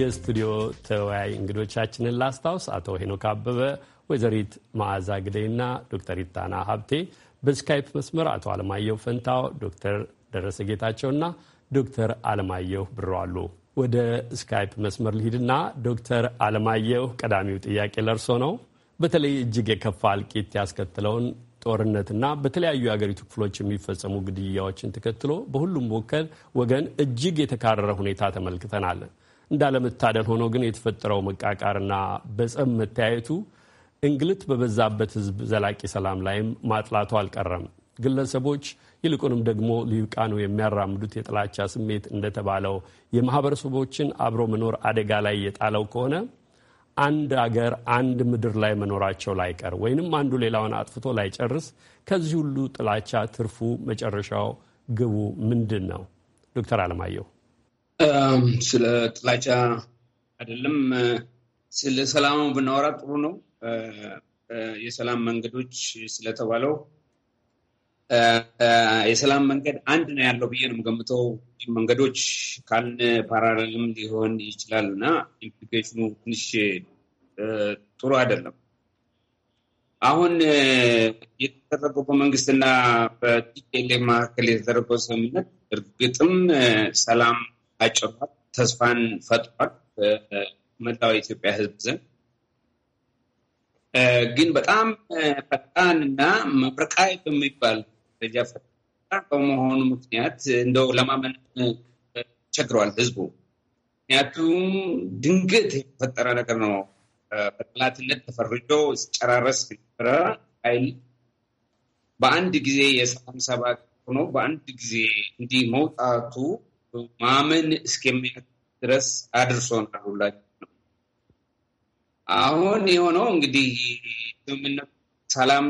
የስቱዲዮ ተወያይ እንግዶቻችንን ላስታውስ። አቶ ሄኖክ አበበ፣ ወይዘሪት መዓዛ ግደይና ዶክተር ኢታና ሀብቴ በስካይፕ መስመር አቶ አለማየሁ ፈንታው፣ ዶክተር ደረሰ ጌታቸውና ዶክተር አለማየሁ ብሮ አሉ። ወደ ስካይፕ መስመር ልሂድና ዶክተር አለማየሁ ቀዳሚው ጥያቄ ለርሶ ነው። በተለይ እጅግ የከፋ እልቂት ያስከትለውን ጦርነትና በተለያዩ የአገሪቱ ክፍሎች የሚፈጸሙ ግድያዎችን ተከትሎ በሁሉም ወገን እጅግ የተካረረ ሁኔታ ተመልክተናል። እንዳለመታደል ሆኖ ግን የተፈጠረው መቃቃርና በጸም መተያየቱ እንግልት በበዛበት ህዝብ ዘላቂ ሰላም ላይም ማጥላቱ አልቀረም። ግለሰቦች ይልቁንም ደግሞ ሊቃኑ የሚያራምዱት የጥላቻ ስሜት እንደተባለው የማህበረሰቦችን አብሮ መኖር አደጋ ላይ የጣለው ከሆነ አንድ አገር አንድ ምድር ላይ መኖራቸው ላይቀር ወይንም አንዱ ሌላውን አጥፍቶ ላይጨርስ ከዚህ ሁሉ ጥላቻ ትርፉ መጨረሻው ግቡ ምንድን ነው? ዶክተር አለማየሁ ስለ ጥላቻ አይደለም፣ ስለ ሰላሙ ብናወራ ጥሩ ነው። የሰላም መንገዶች ስለተባለው የሰላም መንገድ አንድ ነው ያለው ብዬ ነው የምገምተው። መንገዶች ካልን ፓራሌልም ሊሆን ይችላል እና ኢምፕሊኬሽኑ ትንሽ ጥሩ አይደለም። አሁን የተደረገው በመንግስትና በቲፒኤልኤፍ መካከል የተደረገው ስምምነት እርግጥም ሰላም አጭሯል፣ ተስፋን ፈጥሯል መላው የኢትዮጵያ ሕዝብ ዘንድ ግን በጣም ፈጣን እና መብረቃዊ በሚባል ደረጃ ፈጣን በመሆኑ ምክንያት እንደው ለማመን ቸግረዋል ሕዝቡ። ምክንያቱም ድንገት የተፈጠረ ነገር ነው። በጠላትነት ተፈርጆ ሲጨራረስ ነበረ ኃይል በአንድ ጊዜ የሰላም ሰባት ሆኖ በአንድ ጊዜ እንዲህ መውጣቱ ማመን እስከሚያ ድረስ አድርሶናል ሁላችን ነው። አሁን የሆነው እንግዲህ ስምምነት ሰላም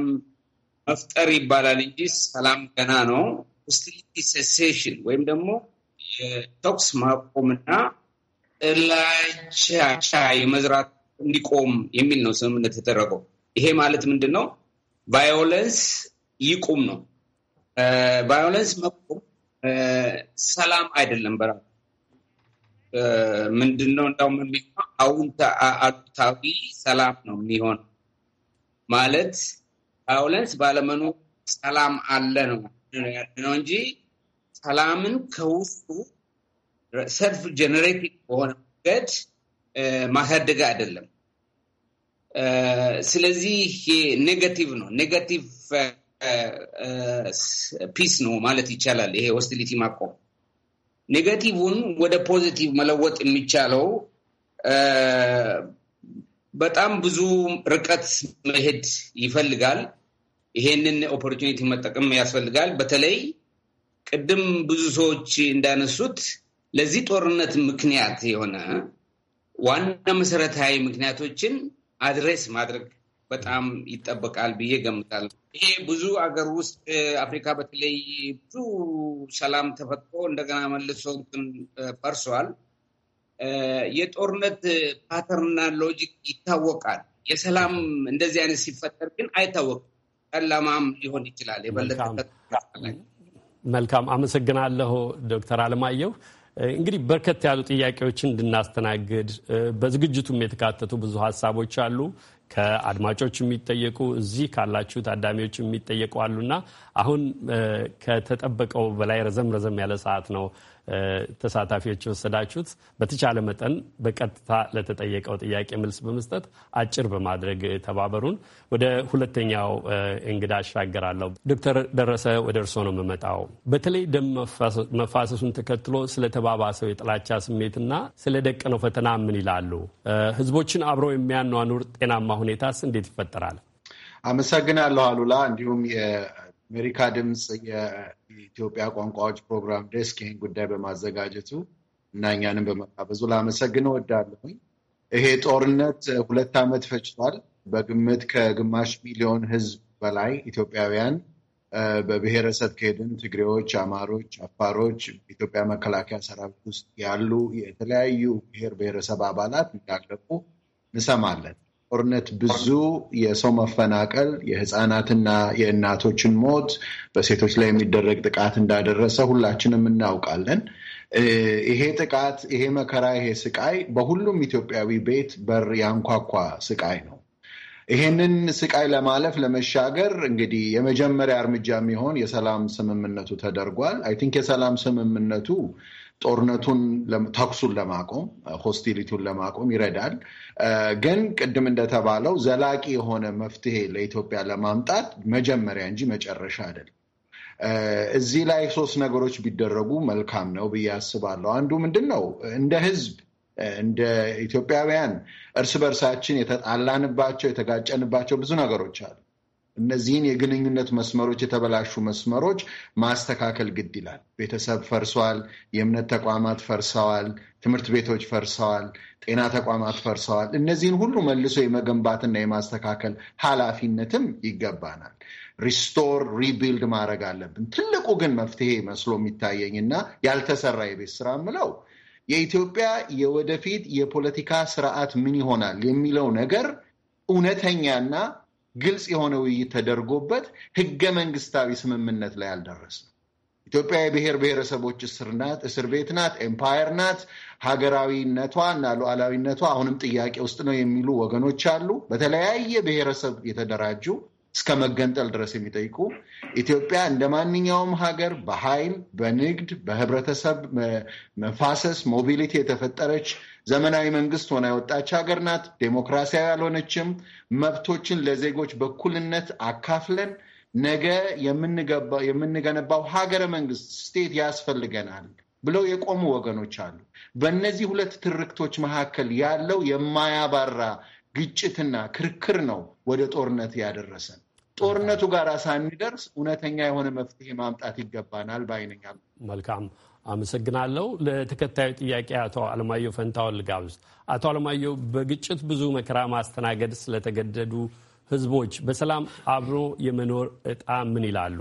መፍጠር ይባላል እንጂ ሰላም ገና ነው። ሆስቲሊቲ ሴሴሽን ወይም ደግሞ የተኩስ ማቆምና ጥላቻ የመዝራት እንዲቆም የሚል ነው ስምምነት የተደረገው። ይሄ ማለት ምንድን ነው? ቫዮለንስ ይቁም ነው። ቫዮለንስ መቆ ሰላም አይደለም። በራ ምንድን ነው እንዳውም የሚሆነው አሉታዊ ሰላም ነው የሚሆን ማለት ቫዮለንስ ባለመኖ ሰላም አለ ነው ነው እንጂ ሰላምን ከውስጡ ሰልፍ ጀነሬቲቭ በሆነ መንገድ ማሳደግ አይደለም። ስለዚህ ኔጋቲቭ ነው ኔጋቲቭ ፒስ ነው ማለት ይቻላል። ይሄ ሆስቲሊቲ ማቆም ኔጋቲቭን ወደ ፖዚቲቭ መለወጥ የሚቻለው በጣም ብዙ ርቀት መሄድ ይፈልጋል። ይሄንን ኦፖርቹኒቲ መጠቀም ያስፈልጋል። በተለይ ቅድም ብዙ ሰዎች እንዳነሱት ለዚህ ጦርነት ምክንያት የሆነ ዋና መሰረታዊ ምክንያቶችን አድሬስ ማድረግ በጣም ይጠበቃል ብዬ ገምታለሁ። ይሄ ብዙ አገር ውስጥ አፍሪካ በተለይ ብዙ ሰላም ተፈጥሮ እንደገና መልሶ እንትን ፈርሷል። የጦርነት ፓተርንና ሎጂክ ይታወቃል። የሰላም እንደዚህ አይነት ሲፈጠር ግን አይታወቅም። ጨለማም ሊሆን ይችላል። የበለጠ መልካም አመሰግናለሁ ዶክተር አለማየሁ። እንግዲህ በርከት ያሉ ጥያቄዎችን እንድናስተናግድ በዝግጅቱም የተካተቱ ብዙ ሀሳቦች አሉ። ከአድማጮች የሚጠየቁ እዚህ ካላችሁ ታዳሚዎች የሚጠየቁ አሉና አሁን ከተጠበቀው በላይ ረዘም ረዘም ያለ ሰዓት ነው ተሳታፊዎች የወሰዳችሁት በተቻለ መጠን በቀጥታ ለተጠየቀው ጥያቄ መልስ በመስጠት አጭር በማድረግ ተባበሩን። ወደ ሁለተኛው እንግዳ አሻገራለሁ። ዶክተር ደረሰ ወደ እርስዎ ነው የምመጣው። በተለይ ደም መፋሰሱን ተከትሎ ስለ ተባባሰው የጥላቻ ስሜትና ስለ ደቀነው ፈተና ምን ይላሉ? ህዝቦችን አብረው የሚያኗኑር ጤናማ ሁኔታስ እንዴት ይፈጠራል? አመሰግናለሁ አሉላ። እንዲሁም የአሜሪካ ድምፅ የኢትዮጵያ ቋንቋዎች ፕሮግራም ዴስክ ይህን ጉዳይ በማዘጋጀቱ እና እኛንም በመጋበዙ ላመሰግን እወዳለሁኝ። ይሄ ጦርነት ሁለት ዓመት ፈጅቷል። በግምት ከግማሽ ሚሊዮን ሕዝብ በላይ ኢትዮጵያውያን በብሔረሰብ ከሄድን ትግሬዎች፣ አማሮች፣ አፋሮች ኢትዮጵያ መከላከያ ሰራዊት ውስጥ ያሉ የተለያዩ ብሔር ብሔረሰብ አባላት እንዳለቁ እንሰማለን። ጦርነት ብዙ የሰው መፈናቀል፣ የህፃናትና የእናቶችን ሞት፣ በሴቶች ላይ የሚደረግ ጥቃት እንዳደረሰ ሁላችንም እናውቃለን። ይሄ ጥቃት፣ ይሄ መከራ፣ ይሄ ስቃይ በሁሉም ኢትዮጵያዊ ቤት በር ያንኳኳ ስቃይ ነው። ይሄንን ስቃይ ለማለፍ ለመሻገር እንግዲህ የመጀመሪያ እርምጃ የሚሆን የሰላም ስምምነቱ ተደርጓል። አይ ቲንክ የሰላም ስምምነቱ ጦርነቱን ተኩሱን ለማቆም ሆስቲሊቲውን ለማቆም ይረዳል። ግን ቅድም እንደተባለው ዘላቂ የሆነ መፍትሄ ለኢትዮጵያ ለማምጣት መጀመሪያ እንጂ መጨረሻ አይደለም። እዚህ ላይ ሶስት ነገሮች ቢደረጉ መልካም ነው ብዬ አስባለሁ። አንዱ ምንድን ነው እንደ ህዝብ እንደ ኢትዮጵያውያን እርስ በርሳችን የተጣላንባቸው የተጋጨንባቸው ብዙ ነገሮች አሉ። እነዚህን የግንኙነት መስመሮች የተበላሹ መስመሮች ማስተካከል ግድ ይላል። ቤተሰብ ፈርሷል። የእምነት ተቋማት ፈርሰዋል። ትምህርት ቤቶች ፈርሰዋል። ጤና ተቋማት ፈርሰዋል። እነዚህን ሁሉ መልሶ የመገንባትና የማስተካከል ኃላፊነትም ይገባናል። ሪስቶር ሪቢልድ ማድረግ አለብን። ትልቁ ግን መፍትሄ መስሎ እና ያልተሰራ የቤት ስራ ምለው የኢትዮጵያ የወደፊት የፖለቲካ ስርዓት ምን ይሆናል የሚለው ነገር እውነተኛና ግልጽ የሆነ ውይይት ተደርጎበት ህገ መንግስታዊ ስምምነት ላይ አልደረስም። ኢትዮጵያ የብሔር ብሔረሰቦች እስር ናት፣ እስር ቤት ናት፣ ኤምፓየር ናት። ሀገራዊነቷ እና ሉዓላዊነቷ አሁንም ጥያቄ ውስጥ ነው የሚሉ ወገኖች አሉ። በተለያየ ብሔረሰብ የተደራጁ እስከ መገንጠል ድረስ የሚጠይቁ ኢትዮጵያ እንደ ማንኛውም ሀገር በኃይል በንግድ፣ በህብረተሰብ መፋሰስ ሞቢሊቲ የተፈጠረች ዘመናዊ መንግስት ሆና የወጣች ሀገር ናት። ዴሞክራሲያዊ ያልሆነችም። መብቶችን ለዜጎች በኩልነት አካፍለን ነገ የምንገነባው ሀገረ መንግስት ስቴት ያስፈልገናል ብለው የቆሙ ወገኖች አሉ። በእነዚህ ሁለት ትርክቶች መካከል ያለው የማያባራ ግጭትና ክርክር ነው ወደ ጦርነት ያደረሰን። ጦርነቱ ጋር ሳንደርስ እውነተኛ የሆነ መፍትሄ ማምጣት ይገባናል። በአይነኛ መልካም አመሰግናለሁ። ለተከታዩ ጥያቄ አቶ አለማየሁ ፈንታውን ልጋብዝ። አቶ አለማየሁ በግጭት ብዙ መከራ ማስተናገድ ስለተገደዱ ህዝቦች በሰላም አብሮ የመኖር እጣ ምን ይላሉ?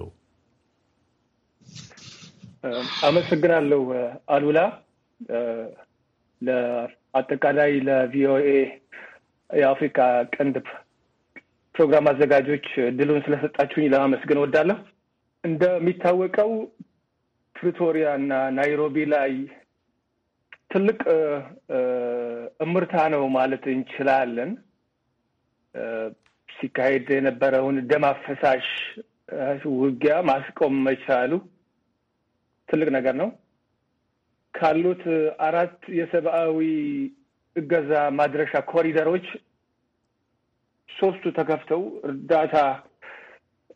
አመሰግናለሁ አሉላ። አጠቃላይ ለቪኦኤ የአፍሪካ ቀንድ ፕሮግራም አዘጋጆች እድሉን ስለሰጣችሁኝ ለማመስገን ወዳለሁ። እንደሚታወቀው ፕሪቶሪያ እና ናይሮቢ ላይ ትልቅ እምርታ ነው ማለት እንችላለን። ሲካሄድ የነበረውን ደም አፈሳሽ ውጊያ ማስቆም መቻሉ ትልቅ ነገር ነው። ካሉት አራት የሰብአዊ እገዛ ማድረሻ ኮሪደሮች ሶስቱ ተከፍተው እርዳታ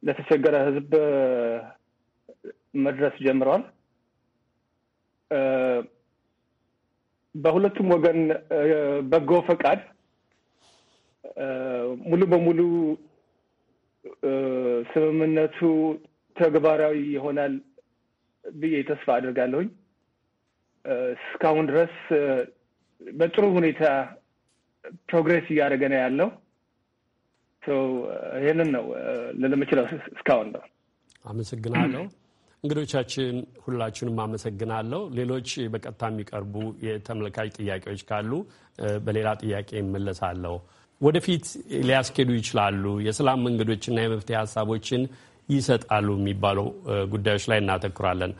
ለተቸገረ ህዝብ መድረስ ጀምረዋል። በሁለቱም ወገን በጎ ፈቃድ ሙሉ በሙሉ ስምምነቱ ተግባራዊ ይሆናል ብዬ ተስፋ አድርጋለሁኝ። እስካሁን ድረስ በጥሩ ሁኔታ ፕሮግሬስ እያደረገ ነው ያለው። ይህንን ነው ልል እስካሁን ነው። አመሰግናለሁ። እንግዶቻችን ሁላችሁንም አመሰግናለሁ። ሌሎች በቀጥታ የሚቀርቡ የተመልካች ጥያቄዎች ካሉ በሌላ ጥያቄ እመለሳለሁ። ወደፊት ሊያስኬዱ ይችላሉ የሰላም መንገዶችና የመፍትሄ ሀሳቦችን ይሰጣሉ የሚባሉ ጉዳዮች ላይ እናተኩራለን።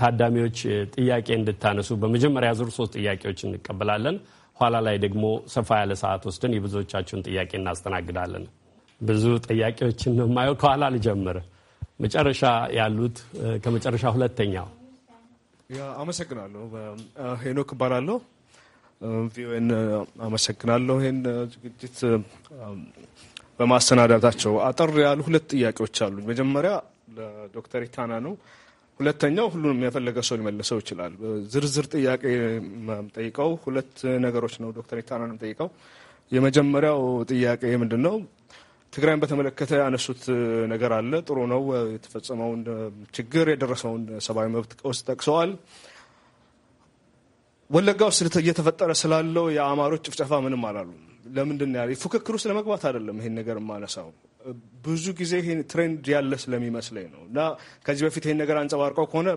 ታዳሚዎች ጥያቄ እንድታነሱ በመጀመሪያ ዙር ሶስት ጥያቄዎች እንቀበላለን። ኋላ ላይ ደግሞ ሰፋ ያለ ሰዓት ወስደን የብዙዎቻችሁን ጥያቄ እናስተናግዳለን። ብዙ ጥያቄዎችን ነው የማየው። ከኋላ ልጀምር፣ መጨረሻ ያሉት ከመጨረሻ ሁለተኛው። አመሰግናለሁ። ሄኖክ እባላለሁ። ቪኦኤን አመሰግናለሁ ይህን ዝግጅት በማሰናዳታቸው። አጠር ያሉ ሁለት ጥያቄዎች አሉ። መጀመሪያ ለዶክተር ኢታና ነው። ሁለተኛው ሁሉንም የፈለገ ሰው ሊመልሰው ይችላል። ዝርዝር ጥያቄ ጠይቀው ሁለት ነገሮች ነው ዶክተር ኢታናን ጠይቀው። የመጀመሪያው ጥያቄ ምንድን ነው? ትግራይን በተመለከተ ያነሱት ነገር አለ። ጥሩ ነው። የተፈጸመውን ችግር የደረሰውን ሰብአዊ መብት ቀውስ ጠቅሰዋል። ወለጋ ውስጥ እየተፈጠረ ስላለው የአማሮች ጭፍጨፋ ምንም አላሉ። ለምንድን ያ ፉክክር ውስጥ ለመግባት አይደለም ይሄን ነገር ማነሳው ብዙ ጊዜ ይሄን ትሬንድ ያለ ስለሚመስለኝ ነው እና ከዚህ በፊት ይህን ነገር አንጸባርቀው ከሆነ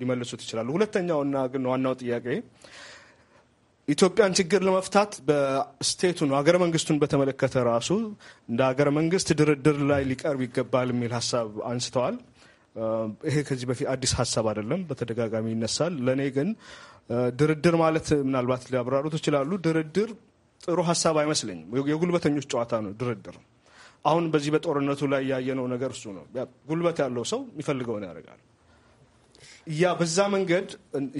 ሊመልሱት ይችላሉ። ሁለተኛው እና ግን ዋናው ጥያቄ ኢትዮጵያን ችግር ለመፍታት በስቴቱን ሀገረ መንግስቱን በተመለከተ ራሱ እንደ ሀገረ መንግስት ድርድር ላይ ሊቀርብ ይገባል የሚል ሀሳብ አንስተዋል። ይሄ ከዚህ በፊት አዲስ ሀሳብ አይደለም፣ በተደጋጋሚ ይነሳል። ለእኔ ግን ድርድር ማለት ምናልባት ሊያብራሩት ይችላሉ። ድርድር ጥሩ ሀሳብ አይመስለኝም። የጉልበተኞች ጨዋታ ነው ድርድር አሁን በዚህ በጦርነቱ ላይ ያየነው ነገር እሱ ነው። ጉልበት ያለው ሰው የሚፈልገውን ያደርጋል። ያ በዛ መንገድ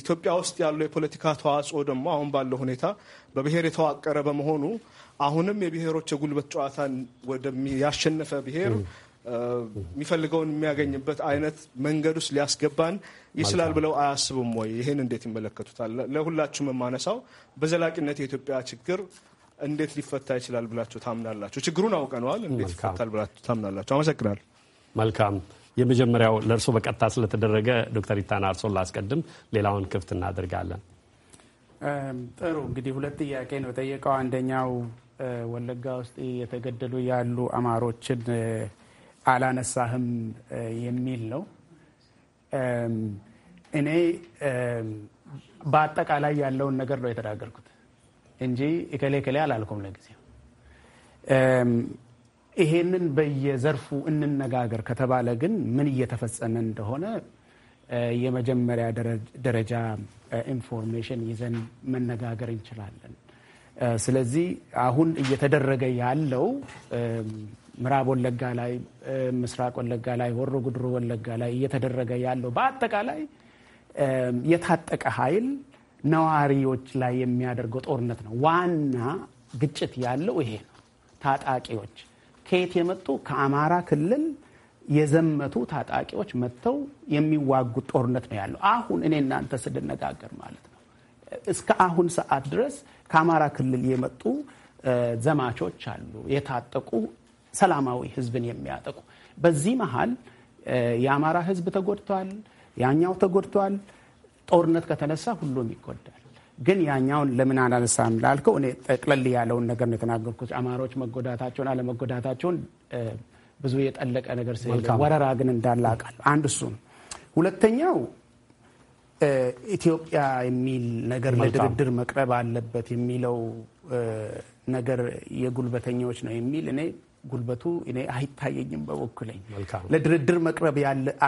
ኢትዮጵያ ውስጥ ያለው የፖለቲካ ተዋጽኦ ደግሞ አሁን ባለው ሁኔታ በብሔር የተዋቀረ በመሆኑ አሁንም የብሔሮች የጉልበት ጨዋታን ያሸነፈ ብሔር የሚፈልገውን የሚያገኝበት አይነት መንገድ ውስጥ ሊያስገባን ይችላል ብለው አያስቡም ወይ? ይህን እንዴት ይመለከቱታል? ለሁላችሁም የማነሳው በዘላቂነት የኢትዮጵያ ችግር እንዴት ሊፈታ ይችላል ብላችሁ ታምናላችሁ? ችግሩን አውቀነዋል። እንዴት ይፈታል ብላችሁ ታምናላችሁ? አመሰግናል። መልካም። የመጀመሪያው ለእርስዎ በቀጥታ ስለተደረገ ዶክተር ኢታና እርስዎን ላስቀድም፣ ሌላውን ክፍት እናደርጋለን። ጥሩ እንግዲህ ሁለት ጥያቄ ነው ጠየቀው። አንደኛው ወለጋ ውስጥ የተገደሉ ያሉ አማሮችን አላነሳህም የሚል ነው። እኔ በአጠቃላይ ያለውን ነገር ነው የተናገርኩት። እንጂ እከሌ እከሌ አላልኩም። ለጊዜው ይሄንን በየዘርፉ እንነጋገር ከተባለ ግን ምን እየተፈጸመ እንደሆነ የመጀመሪያ ደረጃ ኢንፎርሜሽን ይዘን መነጋገር እንችላለን። ስለዚህ አሁን እየተደረገ ያለው ምዕራብ ወለጋ ላይ፣ ምስራቅ ወለጋ ላይ፣ ሆሮ ጉድሩ ወለጋ ላይ እየተደረገ ያለው በአጠቃላይ የታጠቀ ኃይል ነዋሪዎች ላይ የሚያደርገው ጦርነት ነው። ዋና ግጭት ያለው ይሄ ነው። ታጣቂዎች ከየት የመጡ ከአማራ ክልል የዘመቱ ታጣቂዎች መጥተው የሚዋጉት ጦርነት ነው ያለው። አሁን እኔ እናንተ ስንነጋገር ማለት ነው እስከ አሁን ሰዓት ድረስ ከአማራ ክልል የመጡ ዘማቾች አሉ፣ የታጠቁ ሰላማዊ ህዝብን የሚያጠቁ። በዚህ መሀል የአማራ ህዝብ ተጎድቷል፣ ያኛው ተጎድቷል። ጦርነት ከተነሳ ሁሉም ይጎዳል። ግን ያኛውን ለምን አናነሳም ላልከው እኔ ጠቅለል ያለውን ነገር ነው የተናገርኩት። አማሮች መጎዳታቸውን አለመጎዳታቸውን ብዙ የጠለቀ ነገር ስለሌለ ወረራ ግን እንዳለ አውቃለሁ። አንድ እሱ ነው። ሁለተኛው ኢትዮጵያ የሚል ነገር ለድርድር መቅረብ አለበት የሚለው ነገር የጉልበተኛዎች ነው የሚል እኔ ጉልበቱ እኔ አይታየኝም። በበኩሌ ለድርድር መቅረብ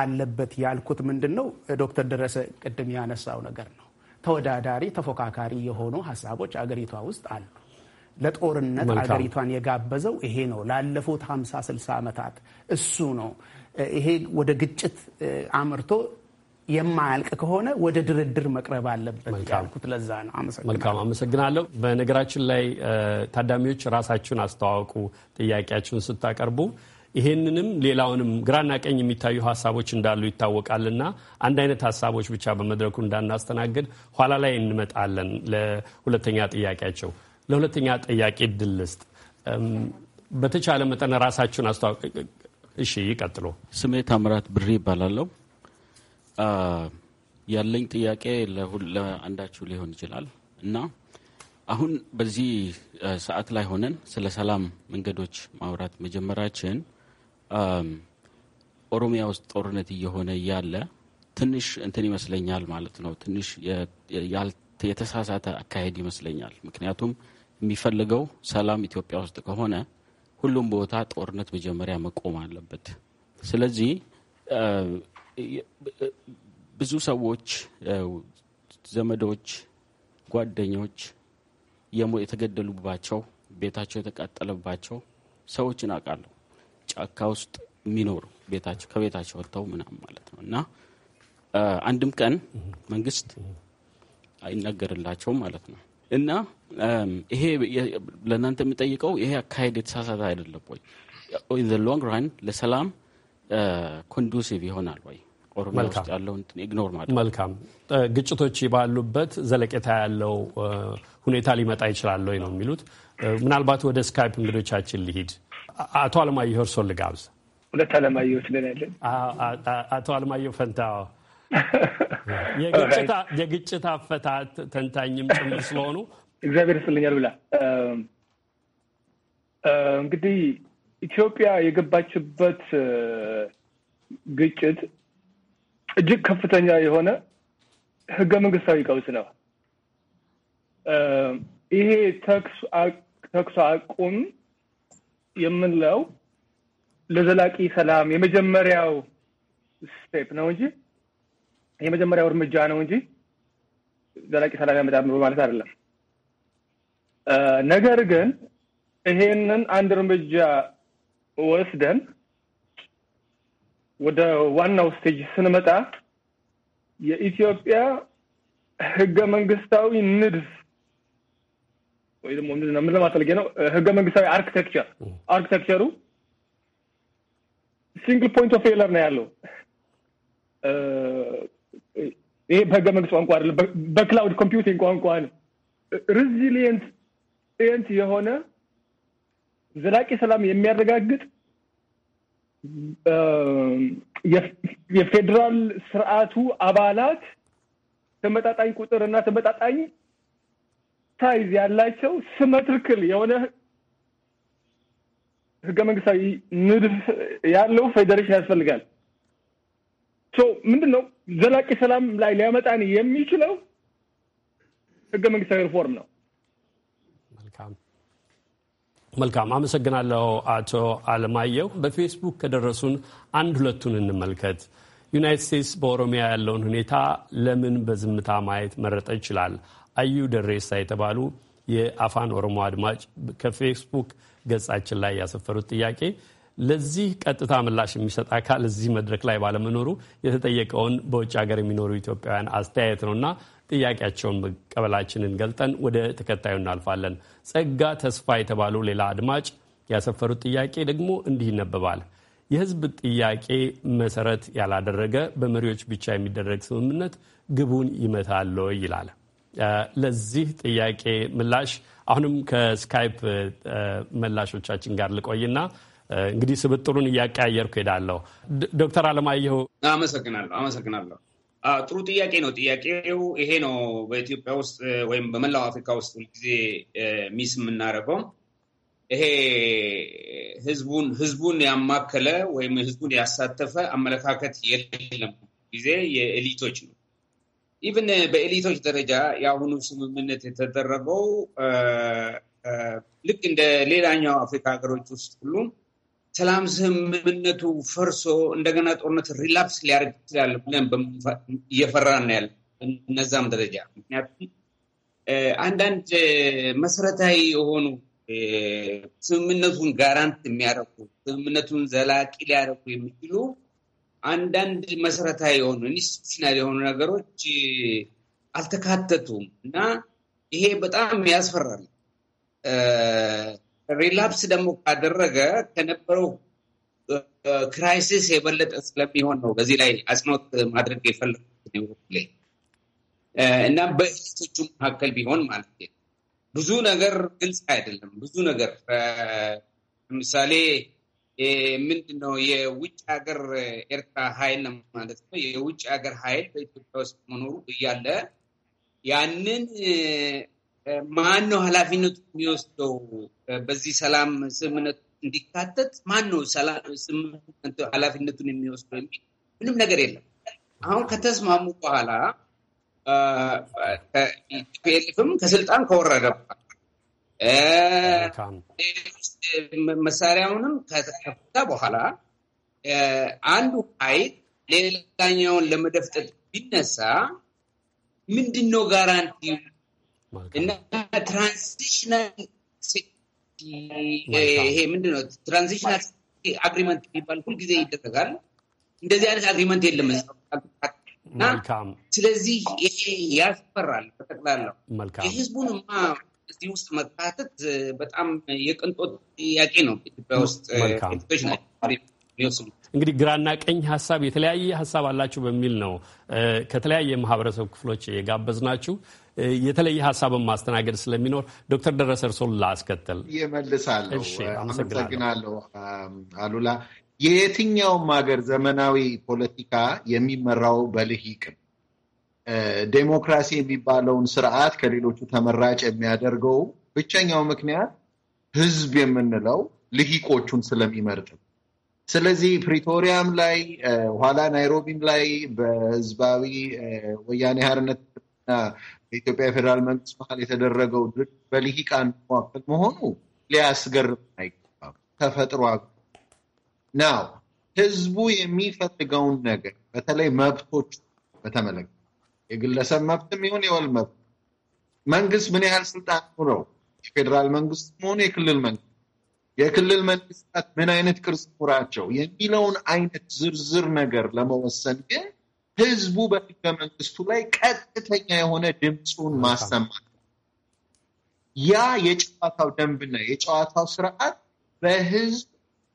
አለበት ያልኩት ምንድን ነው ዶክተር ደረሰ ቅድም ያነሳው ነገር ነው። ተወዳዳሪ ተፎካካሪ የሆኑ ሀሳቦች አገሪቷ ውስጥ አሉ። ለጦርነት አገሪቷን የጋበዘው ይሄ ነው። ላለፉት 50 60 ዓመታት እሱ ነው። ይሄ ወደ ግጭት አምርቶ የማያልቅ ከሆነ ወደ ድርድር መቅረብ አለበት ያልኩት ለዛ ነው። መልካም አመሰግናለሁ። በነገራችን ላይ ታዳሚዎች ራሳችሁን አስተዋውቁ ጥያቄያችሁን ስታቀርቡ ይህንንም ሌላውንም ግራና ቀኝ የሚታዩ ሀሳቦች እንዳሉ ይታወቃልና አንድ አይነት ሀሳቦች ብቻ በመድረኩ እንዳናስተናግድ ኋላ ላይ እንመጣለን። ለሁለተኛ ጥያቄያቸው ለሁለተኛ ጥያቄ እድል ልስጥ። በተቻለ መጠን ራሳችሁን አስተዋውቁ። እሺ፣ ይቀጥሎ። ስሜ ታምራት ብሬ ይባላለሁ። ያለኝ ጥያቄ ለአንዳችሁ ሊሆን ይችላል እና አሁን በዚህ ሰዓት ላይ ሆነን ስለ ሰላም መንገዶች ማውራት መጀመራችን ኦሮሚያ ውስጥ ጦርነት እየሆነ ያለ ትንሽ እንትን ይመስለኛል ማለት ነው። ትንሽ የተሳሳተ አካሄድ ይመስለኛል። ምክንያቱም የሚፈልገው ሰላም ኢትዮጵያ ውስጥ ከሆነ ሁሉም ቦታ ጦርነት መጀመሪያ መቆም አለበት። ስለዚህ ብዙ ሰዎች ዘመዶች፣ ጓደኞች የተገደሉባቸው ቤታቸው የተቃጠለባቸው ሰዎችን አውቃለሁ። ጫካ ውስጥ የሚኖሩ ቤታቸው ከቤታቸው ወጥተው ምናምን ማለት ነው እና አንድም ቀን መንግስት አይናገርላቸውም ማለት ነው እና ይሄ ለእናንተ የምጠይቀው ይሄ አካሄድ የተሳሳተ አይደለም ወይ? ኢን ዘ ሎንግ ራን ለሰላም ኮንዱሲቭ ይሆናል ወይ? ኦሮሚያ ውስጥ ያለውን ኢግኖር ማለት መልካም ግጭቶች ባሉበት ዘለቄታ ያለው ሁኔታ ሊመጣ ይችላል ወይ ነው የሚሉት። ምናልባት ወደ ስካይፕ እንግዶቻችን ልሂድ። አቶ አለማየሁ እርሶን ልጋብዝ። ሁለት አለማየሁ ትለናለን። አቶ አለማየሁ ፈንታ <laughs> የግጭት አፈታት ተንታኝም ጭምር ስለሆኑ እግዚአብሔር ይስጥልኛል ብላ እንግዲህ ኢትዮጵያ የገባችበት ግጭት እጅግ ከፍተኛ የሆነ ህገ መንግስታዊ ቀውስ ነው። ይሄ ተኩስ አቁም የምንለው ለዘላቂ ሰላም የመጀመሪያው ስቴፕ ነው እንጂ የመጀመሪያው እርምጃ ነው እንጂ ዘላቂ ሰላም ያመጣል በማለት አይደለም። ነገር ግን ይሄንን አንድ እርምጃ ወስደን ወደ ዋናው ስቴጅ ስንመጣ የኢትዮጵያ ህገ መንግስታዊ ንድፍ ወይ ደግሞ ምን ለማስፈለጌ ነው? ህገ መንግስታዊ አርኪቴክቸር አርክቴክቸሩ ሲንግል ፖይንት ኦፍ ፌለር ነው ያለው። ይሄ በህገ መንግስት ቋንቋ አይደለም፣ በክላውድ ኮምፒውቲንግ ቋንቋ ነው። ሬዚሊየንት የሆነ ዘላቂ ሰላም የሚያረጋግጥ የፌዴራል ስርዓቱ አባላት ተመጣጣኝ ቁጥር እና ተመጣጣኝ ሳይዝ ያላቸው ስመትርክል የሆነ ህገ መንግስታዊ ንድፍ ያለው ፌዴሬሽን ያስፈልጋል። ምንድን ነው ዘላቂ ሰላም ላይ ሊያመጣን የሚችለው ህገ መንግስታዊ ሪፎርም ነው። መልካም አመሰግናለሁ አቶ አለማየሁ። በፌስቡክ ከደረሱን አንድ ሁለቱን እንመልከት። ዩናይት ስቴትስ በኦሮሚያ ያለውን ሁኔታ ለምን በዝምታ ማየት መረጠ ይችላል? አዩ ደሬሳ የተባሉ የአፋን ኦሮሞ አድማጭ ከፌስቡክ ገጻችን ላይ ያሰፈሩት ጥያቄ ለዚህ ቀጥታ ምላሽ የሚሰጥ አካል እዚህ መድረክ ላይ ባለመኖሩ የተጠየቀውን በውጭ ሀገር የሚኖሩ ኢትዮጵያውያን አስተያየት ነው እና ጥያቄያቸውን መቀበላችንን ገልጠን ወደ ተከታዩ እናልፋለን። ጸጋ ተስፋ የተባሉ ሌላ አድማጭ ያሰፈሩት ጥያቄ ደግሞ እንዲህ ይነበባል። የህዝብ ጥያቄ መሰረት ያላደረገ በመሪዎች ብቻ የሚደረግ ስምምነት ግቡን ይመታል ይላል። ለዚህ ጥያቄ ምላሽ አሁንም ከስካይፕ መላሾቻችን ጋር ልቆይና እንግዲህ ስብጥሩን እያቀያየርኩ ሄዳለሁ። ዶክተር አለማየሁ አመሰግናለሁ። አመሰግናለሁ። ጥሩ ጥያቄ ነው። ጥያቄው ይሄ ነው። በኢትዮጵያ ውስጥ ወይም በመላው አፍሪካ ውስጥ ሁልጊዜ ሚስ የምናደርገው ይሄ ህዝቡን ህዝቡን ያማከለ ወይም ህዝቡን ያሳተፈ አመለካከት የለም ጊዜ የኤሊቶች ነው። ኢቭን በኤሊቶች ደረጃ የአሁኑ ስምምነት የተደረገው ልክ እንደ ሌላኛው አፍሪካ ሀገሮች ውስጥ ሁሉም ሰላም ስምምነቱ ፈርሶ እንደገና ጦርነት ሪላፕስ ሊያደርግ ይችላል ብለን እየፈራን ያለ እነዛም ደረጃ ምክንያቱም አንዳንድ መሰረታዊ የሆኑ ስምምነቱን ጋራንት የሚያደርጉ ስምምነቱን ዘላቂ ሊያደርጉ የሚችሉ አንዳንድ መሰረታዊ የሆኑ ኢንስቲቱሽናል የሆኑ ነገሮች አልተካተቱም እና ይሄ በጣም ያስፈራል። ሪላፕስ ደግሞ ካደረገ ከነበረው ክራይሲስ የበለጠ ስለሚሆን ነው በዚህ ላይ አጽንኦት ማድረግ የፈለጉት እና በእህቶቹ መካከል ቢሆን ማለት ነው። ብዙ ነገር ግልጽ አይደለም። ብዙ ነገር ለምሳሌ ምንድነው የውጭ ሀገር ኤርትራ ኃይል ማለት ነው የውጭ ሀገር ኃይል በኢትዮጵያ ውስጥ መኖሩ እያለ ያንን ማን ነው ኃላፊነቱ የሚወስደው? በዚህ ሰላም ስምምነት እንዲካተት ማን ነው ኃላፊነቱን የሚወስደው የሚል ምንም ነገር የለም። አሁን ከተስማሙ በኋላ ፒኤልኤፍም ከስልጣን ከወረደ መሳሪያውንም ከተፈታ በኋላ አንዱ ኃይል ሌላኛውን ለመደፍጠጥ ቢነሳ ምንድን ነው ጋራንቲው? እና ትራንዚሽናል ይሄ eh, ምንድን ነው? ትራንዚሽናል አግሪመንት የሚባል ሁልጊዜ ይደረጋል። እንደዚህ አይነት አግሪመንት የለም። ስለዚህ ይሄ ያስፈራል። በጠቅላላው የህዝቡንማ እዚህ ውስጥ መካተት በጣም የቅንጦት ጥያቄ ነው። ኢትዮጵያ ውስጥ eh, እንግዲህ ግራና ቀኝ ሀሳብ የተለያየ ሀሳብ አላችሁ በሚል ነው eh, ከተለያየ ማህበረሰብ ክፍሎች የጋበዝናችሁ። የተለየ ሀሳብን ማስተናገድ ስለሚኖር ዶክተር ደረሰ እርሶን ላስከተል ይመልሳለሁ። አመሰግናለሁ አሉላ። የየትኛውም ሀገር ዘመናዊ ፖለቲካ የሚመራው በልሂቅ ዴሞክራሲ የሚባለውን ስርዓት ከሌሎቹ ተመራጭ የሚያደርገው ብቸኛው ምክንያት ህዝብ የምንለው ልሂቆቹን ስለሚመርጥ ስለዚህ ፕሪቶሪያም ላይ ኋላ ናይሮቢም ላይ በህዝባዊ ወያኔ ሀርነት የኢትዮጵያ ፌዴራል መንግስት መሀል የተደረገው ድርድር በልሂቃን መካከል መሆኑ ሊያስገርም አይገባም። ተፈጥሮ ናው ህዝቡ የሚፈልገውን ነገር በተለይ መብቶች በተመለከተ የግለሰብ መብትም ይሁን የወል መብት መንግስት ምን ያህል ስልጣን ኑረው የፌዴራል መንግስት መሆኑ የክልል መንግስት የክልል መንግስታት ምን አይነት ቅርጽ ኑራቸው የሚለውን አይነት ዝርዝር ነገር ለመወሰን ግን ህዝቡ በህገ መንግስቱ ላይ ቀጥተኛ የሆነ ድምፁን ማሰማት ያ የጨዋታው ደንብና የጨዋታው ስርዓት በህዝብ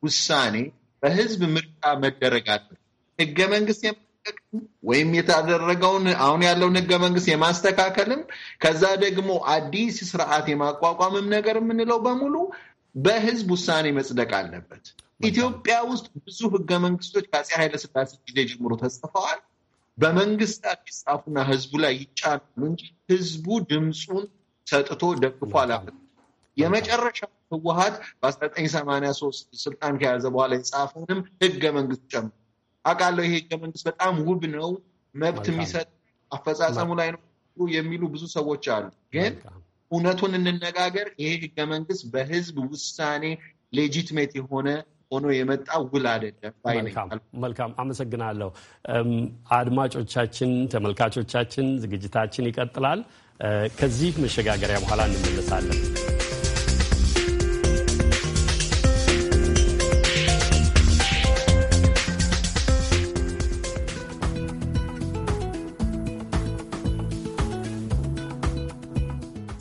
ውሳኔ በህዝብ ምርጫ መደረግ አለበት። ህገ መንግስት የማጠቅም ወይም የተደረገውን አሁን ያለውን ህገ መንግስት የማስተካከልም ከዛ ደግሞ አዲስ ስርዓት የማቋቋምም ነገር የምንለው በሙሉ በህዝብ ውሳኔ መጽደቅ አለበት። ኢትዮጵያ ውስጥ ብዙ ህገ መንግስቶች ከአፄ ኃይለስላሴ ጊዜ ጀምሮ ተጽፈዋል። በመንግስታት ይጻፉና ህዝቡ ላይ ይጫናሉ እንጂ ህዝቡ ድምፁን ሰጥቶ ደግፎ አላፈ የመጨረሻ ህወሀት በ1983 ስልጣን ከያዘ በኋላ የጻፈንም ህገ መንግስት ጨምሮ አውቃለሁ። ይሄ ህገ መንግስት በጣም ውብ ነው፣ መብት የሚሰጥ አፈጻጸሙ ላይ ነው የሚሉ ብዙ ሰዎች አሉ። ግን እውነቱን እንነጋገር፣ ይሄ ህገ መንግስት በህዝብ ውሳኔ ሌጂትሜት የሆነ ሆኖ የመጣ ውል አይደለም። መልካም አመሰግናለሁ። አድማጮቻችን፣ ተመልካቾቻችን ዝግጅታችን ይቀጥላል። ከዚህ መሸጋገሪያ በኋላ እንመለሳለን።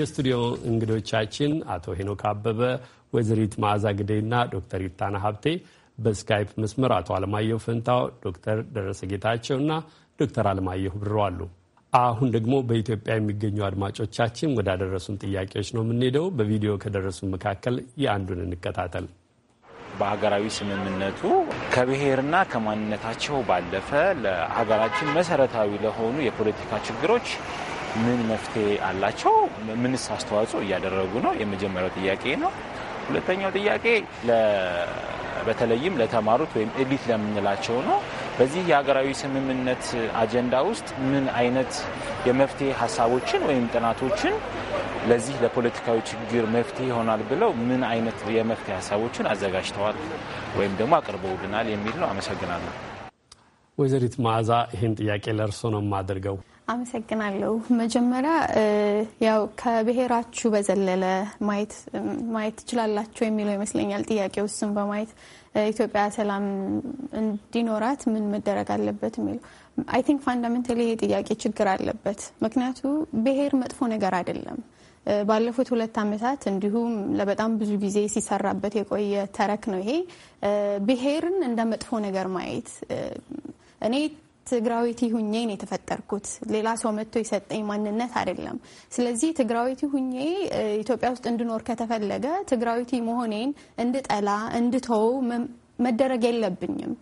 የስቱዲዮ እንግዶቻችን አቶ ሄኖክ አበበ፣ ወይዘሪት መዓዛ ግዴና ዶክተር ኢታና ሀብቴ በስካይፕ መስመር አቶ አለማየሁ ፈንታው፣ ዶክተር ደረሰ ጌታቸው እና ዶክተር አለማየሁ ብሮ አሉ። አሁን ደግሞ በኢትዮጵያ የሚገኙ አድማጮቻችን ወዳደረሱን ጥያቄዎች ነው የምንሄደው። በቪዲዮ ከደረሱ መካከል የአንዱን እንከታተል። በሀገራዊ ስምምነቱ ከብሔርና ከማንነታቸው ባለፈ ለሀገራችን መሰረታዊ ለሆኑ የፖለቲካ ችግሮች ምን መፍትሄ አላቸው? ምንስ አስተዋጽኦ እያደረጉ ነው? የመጀመሪያው ጥያቄ ነው። ሁለተኛው ጥያቄ በተለይም ለተማሩት ወይም ኤሊት ለምንላቸው ነው። በዚህ የሀገራዊ ስምምነት አጀንዳ ውስጥ ምን አይነት የመፍትሄ ሀሳቦችን ወይም ጥናቶችን ለዚህ ለፖለቲካዊ ችግር መፍትሄ ይሆናል ብለው ምን አይነት የመፍትሄ ሀሳቦችን አዘጋጅተዋል ወይም ደግሞ አቅርበውልናል የሚል ነው። አመሰግናለሁ። ወይዘሪት መዓዛ ይህን ጥያቄ ለእርሶ ነው የማደርገው። አመሰግናለሁ። መጀመሪያ ያው ከብሔራችሁ በዘለለ ማየት ማየት ትችላላችሁ የሚለው ይመስለኛል ጥያቄ ውስን በማየት ኢትዮጵያ ሰላም እንዲኖራት ምን መደረግ አለበት የሚለው አይ ቲንክ ፋንዳሜንታሊ ይሄ ጥያቄ ችግር አለበት። ምክንያቱ ብሔር መጥፎ ነገር አይደለም። ባለፉት ሁለት ዓመታት እንዲሁም ለበጣም ብዙ ጊዜ ሲሰራበት የቆየ ተረክ ነው። ይሄ ብሔርን እንደ መጥፎ ነገር ማየት እኔ ትግራዊቲ ሁኜ ነው የተፈጠርኩት። ሌላ ሰው መጥቶ የሰጠኝ ማንነት አይደለም። ስለዚህ ትግራዊቲ ሁኜ ኢትዮጵያ ውስጥ እንድኖር ከተፈለገ ትግራዊቲ መሆኔን እንድጠላ፣ እንድተው መደረግ የለብኝም።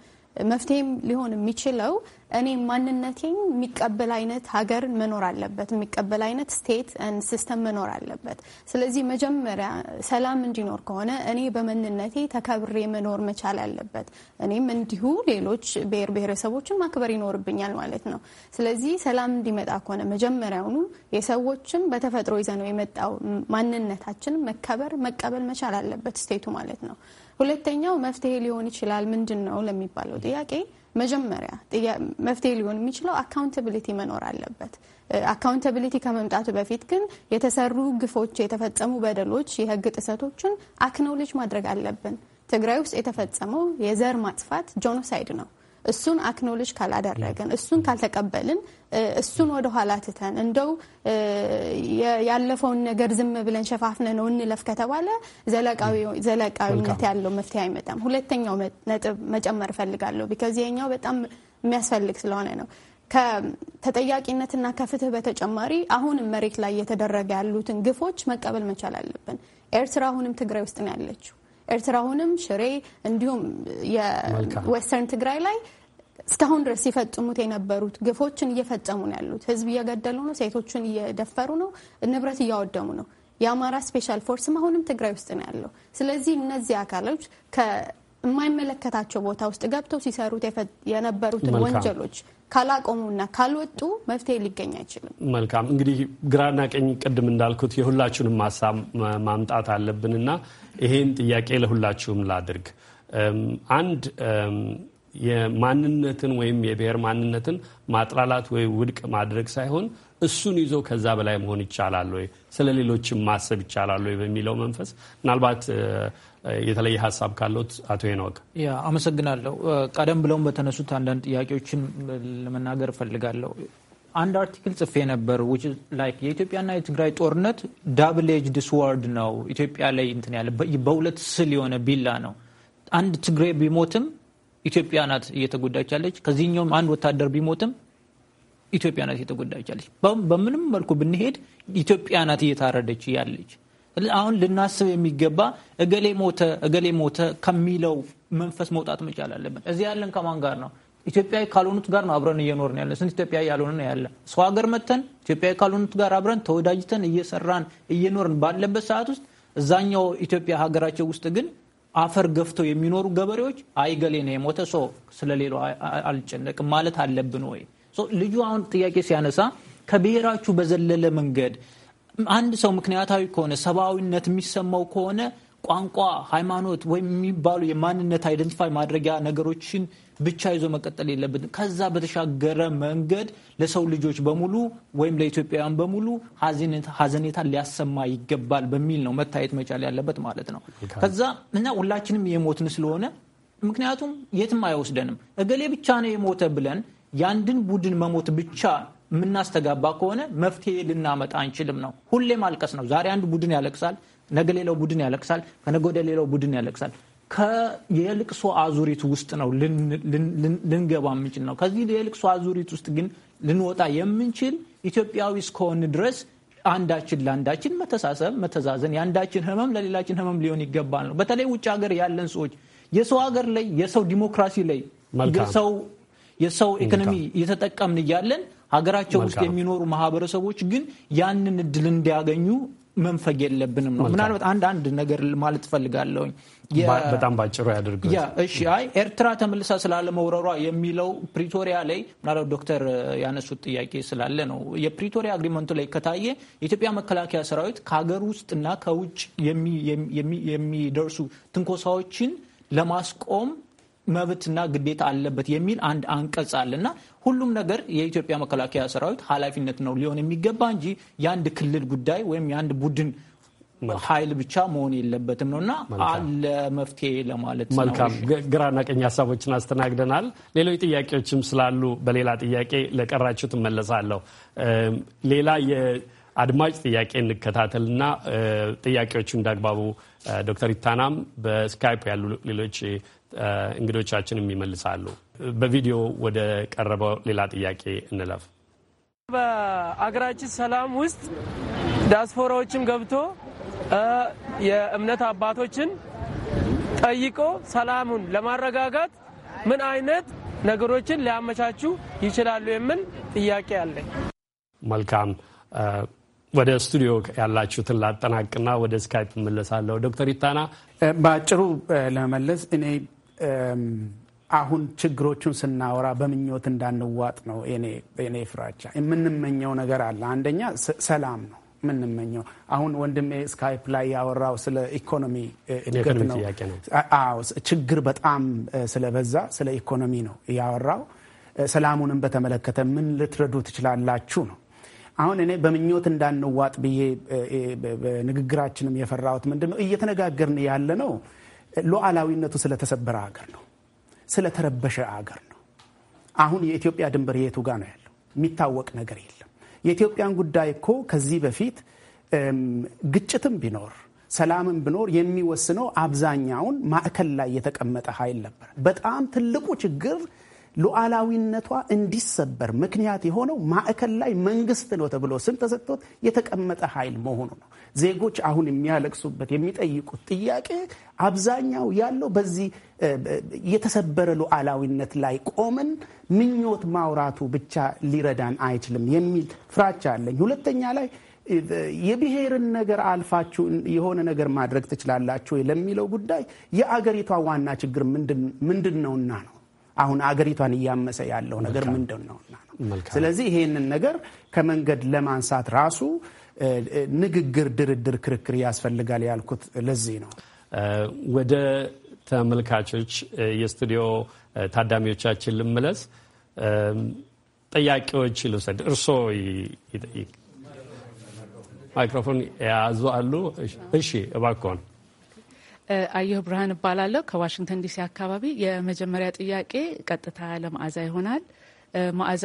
መፍትሄም ሊሆን የሚችለው እኔ ማንነቴን የሚቀበል አይነት ሀገር መኖር አለበት፣ የሚቀበል አይነት ስቴት ን ሲስተም መኖር አለበት። ስለዚህ መጀመሪያ ሰላም እንዲኖር ከሆነ እኔ በማንነቴ ተከብሬ መኖር መቻል አለበት። እኔም እንዲሁ ሌሎች ብሔር ብሔረሰቦችን ማክበር ይኖርብኛል ማለት ነው። ስለዚህ ሰላም እንዲመጣ ከሆነ መጀመሪያውኑ የሰዎችን በተፈጥሮ ይዘነው የመጣው ማንነታችን መከበር መቀበል መቻል አለበት ስቴቱ ማለት ነው። ሁለተኛው መፍትሄ ሊሆን ይችላል ምንድን ነው ለሚባለው ጥያቄ መጀመሪያ መፍትሄ ሊሆን የሚችለው አካውንታብሊቲ መኖር አለበት። አካውንታብሊቲ ከመምጣቱ በፊት ግን የተሰሩ ግፎች፣ የተፈጸሙ በደሎች፣ የህግ ጥሰቶችን አክኖሌጅ ማድረግ አለብን። ትግራይ ውስጥ የተፈጸመው የዘር ማጥፋት ጆኖሳይድ ነው። እሱን አክኖሎጅ ካላደረግን፣ እሱን ካልተቀበልን፣ እሱን ወደኋላ ትተን እንደው ያለፈውን ነገር ዝም ብለን ሸፋፍነ ነው እንለፍ ከተባለ ዘለቃዊነት ያለው መፍትሄ አይመጣም። ሁለተኛው ነጥብ መጨመር እፈልጋለሁ ቢካዝ ይሄኛው በጣም የሚያስፈልግ ስለሆነ ነው። ከተጠያቂነትና ከፍትህ በተጨማሪ አሁንም መሬት ላይ እየተደረገ ያሉትን ግፎች መቀበል መቻል አለብን። ኤርትራ አሁንም ትግራይ ውስጥ ነው ያለችው። ኤርትራውንም ሽሬ እንዲሁም የዌስተርን ትግራይ ላይ እስካሁን ድረስ ሲፈጽሙት የነበሩት ግፎችን እየፈጸሙ ነው ያሉት። ህዝብ እየገደሉ ነው፣ ሴቶችን እየደፈሩ ነው፣ ንብረት እያወደሙ ነው። የአማራ ስፔሻል ፎርስም አሁንም ትግራይ ውስጥ ነው ያለው። ስለዚህ እነዚህ አካሎች የማይመለከታቸው ቦታ ውስጥ ገብተው ሲሰሩት የነበሩትን ወንጀሎች ካላቆሙና ካልወጡ መፍትሄ ሊገኝ አይችልም። መልካም እንግዲህ ግራና ቀኝ ቅድም እንዳልኩት የሁላችሁንም ሀሳብ ማምጣት አለብንና ይሄን ጥያቄ ለሁላችሁም ላድርግ። አንድ የማንነትን ወይም የብሔር ማንነትን ማጥላላት ወይ ውድቅ ማድረግ ሳይሆን እሱን ይዞ ከዛ በላይ መሆን ይቻላል ወይ፣ ስለ ሌሎችም ማሰብ ይቻላል ወይ በሚለው መንፈስ ምናልባት የተለየ ሀሳብ ካሉት አቶ ሄኖክ። ያ አመሰግናለሁ። ቀደም ብለውም በተነሱት አንዳንድ ጥያቄዎችን ለመናገር እፈልጋለሁ። አንድ አርቲክል ጽፌ ነበር ላይክ የኢትዮጵያና የትግራይ ጦርነት ዳብል ኤጅድ ስዋርድ ነው። ኢትዮጵያ ላይ እንትን ያለ በሁለት ስል የሆነ ቢላ ነው። አንድ ትግሬ ቢሞትም ኢትዮጵያ ናት እየተጎዳች ያለች። ከዚህኛውም አንድ ወታደር ቢሞትም ኢትዮጵያ ናት እየተጎዳች ያለች። በምንም መልኩ ብንሄድ ኢትዮጵያ ናት እየታረደች ያለች። አሁን ልናስብ የሚገባ እገሌ ሞተ እገሌ ሞተ ከሚለው መንፈስ መውጣት መቻል አለብን። እዚህ ያለን ከማን ጋር ነው? ኢትዮጵያዊ ካልሆኑት ጋር ነው አብረን እየኖርን ያለን። ስንት ኢትዮጵያዊ ያልሆነ ነው ያለ። ሰው ሀገር መተን ኢትዮጵያዊ ካልሆኑት ጋር አብረን ተወዳጅተን እየሰራን እየኖርን ባለበት ሰዓት ውስጥ እዛኛው ኢትዮጵያ ሀገራቸው ውስጥ ግን አፈር ገፍተው የሚኖሩ ገበሬዎች አይ ነው የሞተ ሰው ስለሌላው አልጨነቅም ማለት አለብን ወይ? ልጁ አሁን ጥያቄ ሲያነሳ ከብሔራችሁ በዘለለ መንገድ አንድ ሰው ምክንያታዊ ከሆነ ሰብአዊነት የሚሰማው ከሆነ ቋንቋ፣ ሃይማኖት ወይም የሚባሉ የማንነት አይደንቲፋይ ማድረጊያ ነገሮችን ብቻ ይዞ መቀጠል የለብን። ከዛ በተሻገረ መንገድ ለሰው ልጆች በሙሉ ወይም ለኢትዮጵያውያን በሙሉ ሀዘኔታን ሊያሰማ ይገባል በሚል ነው መታየት መቻል ያለበት ማለት ነው። ከዛ እና ሁላችንም የሞትን ስለሆነ ምክንያቱም የትም አይወስደንም። እገሌ ብቻ ነው የሞተ ብለን የአንድን ቡድን መሞት ብቻ የምናስተጋባ ከሆነ መፍትሄ ልናመጣ አንችልም ነው። ሁሌ ማልቀስ ነው። ዛሬ አንድ ቡድን ያለቅሳል፣ ነገ ሌላው ቡድን ያለቅሳል፣ ከነገ ወደ ሌላው ቡድን ያለቅሳል። የልቅሶ አዙሪት ውስጥ ነው ልንገባ የምንችል ነው። ከዚህ የልቅሶ አዙሪት ውስጥ ግን ልንወጣ የምንችል ኢትዮጵያዊ እስከሆን ድረስ አንዳችን ለአንዳችን መተሳሰብ፣ መተዛዘን የአንዳችን ህመም ለሌላችን ህመም ሊሆን ይገባል ነው። በተለይ ውጭ ሀገር ያለን ሰዎች የሰው ሀገር ላይ የሰው ዲሞክራሲ ላይ የሰው ኢኮኖሚ እየተጠቀምን እያለን ሀገራቸው ውስጥ የሚኖሩ ማህበረሰቦች ግን ያንን እድል እንዲያገኙ መንፈግ የለብንም ነው። ምናልባት አንድ አንድ ነገር ማለት እፈልጋለሁኝ። በጣም ባጭሩ ያደርጉ። እሺ፣ አይ ኤርትራ ተመልሳ ስላለመውረሯ የሚለው ፕሪቶሪያ ላይ ምናልባት ዶክተር ያነሱት ጥያቄ ስላለ ነው። የፕሪቶሪያ አግሪመንቱ ላይ ከታየ የኢትዮጵያ መከላከያ ሰራዊት ከሀገር ውስጥና ከውጭ የሚደርሱ ትንኮሳዎችን ለማስቆም መብትና ግዴታ አለበት የሚል አንድ አንቀጽ አለና ሁሉም ነገር የኢትዮጵያ መከላከያ ሰራዊት ኃላፊነት ነው ሊሆን የሚገባ እንጂ የአንድ ክልል ጉዳይ ወይም የአንድ ቡድን ኃይል ብቻ መሆን የለበትም ነው እና አለ መፍትሄ ለማለት ነው። መልካም ግራና ቀኝ ሀሳቦችን አስተናግደናል። ሌሎች ጥያቄዎችም ስላሉ በሌላ ጥያቄ ለቀራችሁ ትመለሳለሁ። ሌላ የአድማጭ ጥያቄ እንከታተል እና ጥያቄዎቹ እንዳግባቡ ዶክተር ኢታናም በስካይፕ ያሉ ሌሎች እንግዶቻችንም ይመልሳሉ። በቪዲዮ ወደ ቀረበው ሌላ ጥያቄ እንለፍ። በአገራችን ሰላም ውስጥ ዲያስፖራዎችም ገብቶ የእምነት አባቶችን ጠይቆ ሰላሙን ለማረጋጋት ምን አይነት ነገሮችን ሊያመቻቹ ይችላሉ የሚል ጥያቄ አለኝ። መልካም ወደ ስቱዲዮ ያላችሁትን ላጠናቅና ወደ ስካይፕ እመለሳለሁ። ዶክተር ኢታና በአጭሩ ለመመለስ እኔ አሁን ችግሮቹን ስናወራ በምኞት እንዳንዋጥ ነው የኔ ፍራቻ። የምንመኘው ነገር አለ። አንደኛ ሰላም ነው የምንመኘው። አሁን ወንድሜ ስካይፕ ላይ ያወራው ስለ ኢኮኖሚ እድገት ነው። አዎ ችግር በጣም ስለበዛ ስለ ኢኮኖሚ ነው ያወራው። ሰላሙንም በተመለከተ ምን ልትረዱ ትችላላችሁ ነው። አሁን እኔ በምኞት እንዳንዋጥ ብዬ ንግግራችንም የፈራሁት ምንድን ነው እየተነጋገርን ያለ ነው ሉዓላዊነቱ ስለተሰበረ ሀገር ነው ስለተረበሸ አገር ነው። አሁን የኢትዮጵያ ድንበር የቱ ጋር ነው ያለው? የሚታወቅ ነገር የለም። የኢትዮጵያን ጉዳይ እኮ ከዚህ በፊት ግጭትም ቢኖር ሰላምን ቢኖር የሚወስነው አብዛኛውን ማዕከል ላይ የተቀመጠ ኃይል ነበር። በጣም ትልቁ ችግር ሉዓላዊነቷ እንዲሰበር ምክንያት የሆነው ማዕከል ላይ መንግስት ነው ተብሎ ስም ተሰጥቶት የተቀመጠ ኃይል መሆኑ ነው። ዜጎች አሁን የሚያለቅሱበት የሚጠይቁት ጥያቄ አብዛኛው ያለው በዚህ የተሰበረ ሉዓላዊነት ላይ ቆመን ምኞት ማውራቱ ብቻ ሊረዳን አይችልም የሚል ፍራቻ አለኝ። ሁለተኛ ላይ የብሔርን ነገር አልፋችሁ የሆነ ነገር ማድረግ ትችላላችሁ ለሚለው ጉዳይ የአገሪቷ ዋና ችግር ምንድን ነውና ነው። አሁን አገሪቷን እያመሰ ያለው ነገር ምንድን ነውና ነው። ስለዚህ ይሄንን ነገር ከመንገድ ለማንሳት ራሱ ንግግር፣ ድርድር፣ ክርክር ያስፈልጋል ያልኩት ለዚህ ነው። ወደ ተመልካቾች የስቱዲዮ ታዳሚዎቻችን ልመለስ። ጥያቄዎች ልውሰድ። እርስዎ ማይክሮፎን የያዙ አሉ? እሺ፣ እባክዎን። አየሁ ብርሃን እባላለሁ ከዋሽንግተን ዲሲ አካባቢ። የመጀመሪያ ጥያቄ ቀጥታ ለማዕዛ ይሆናል። ማዕዛ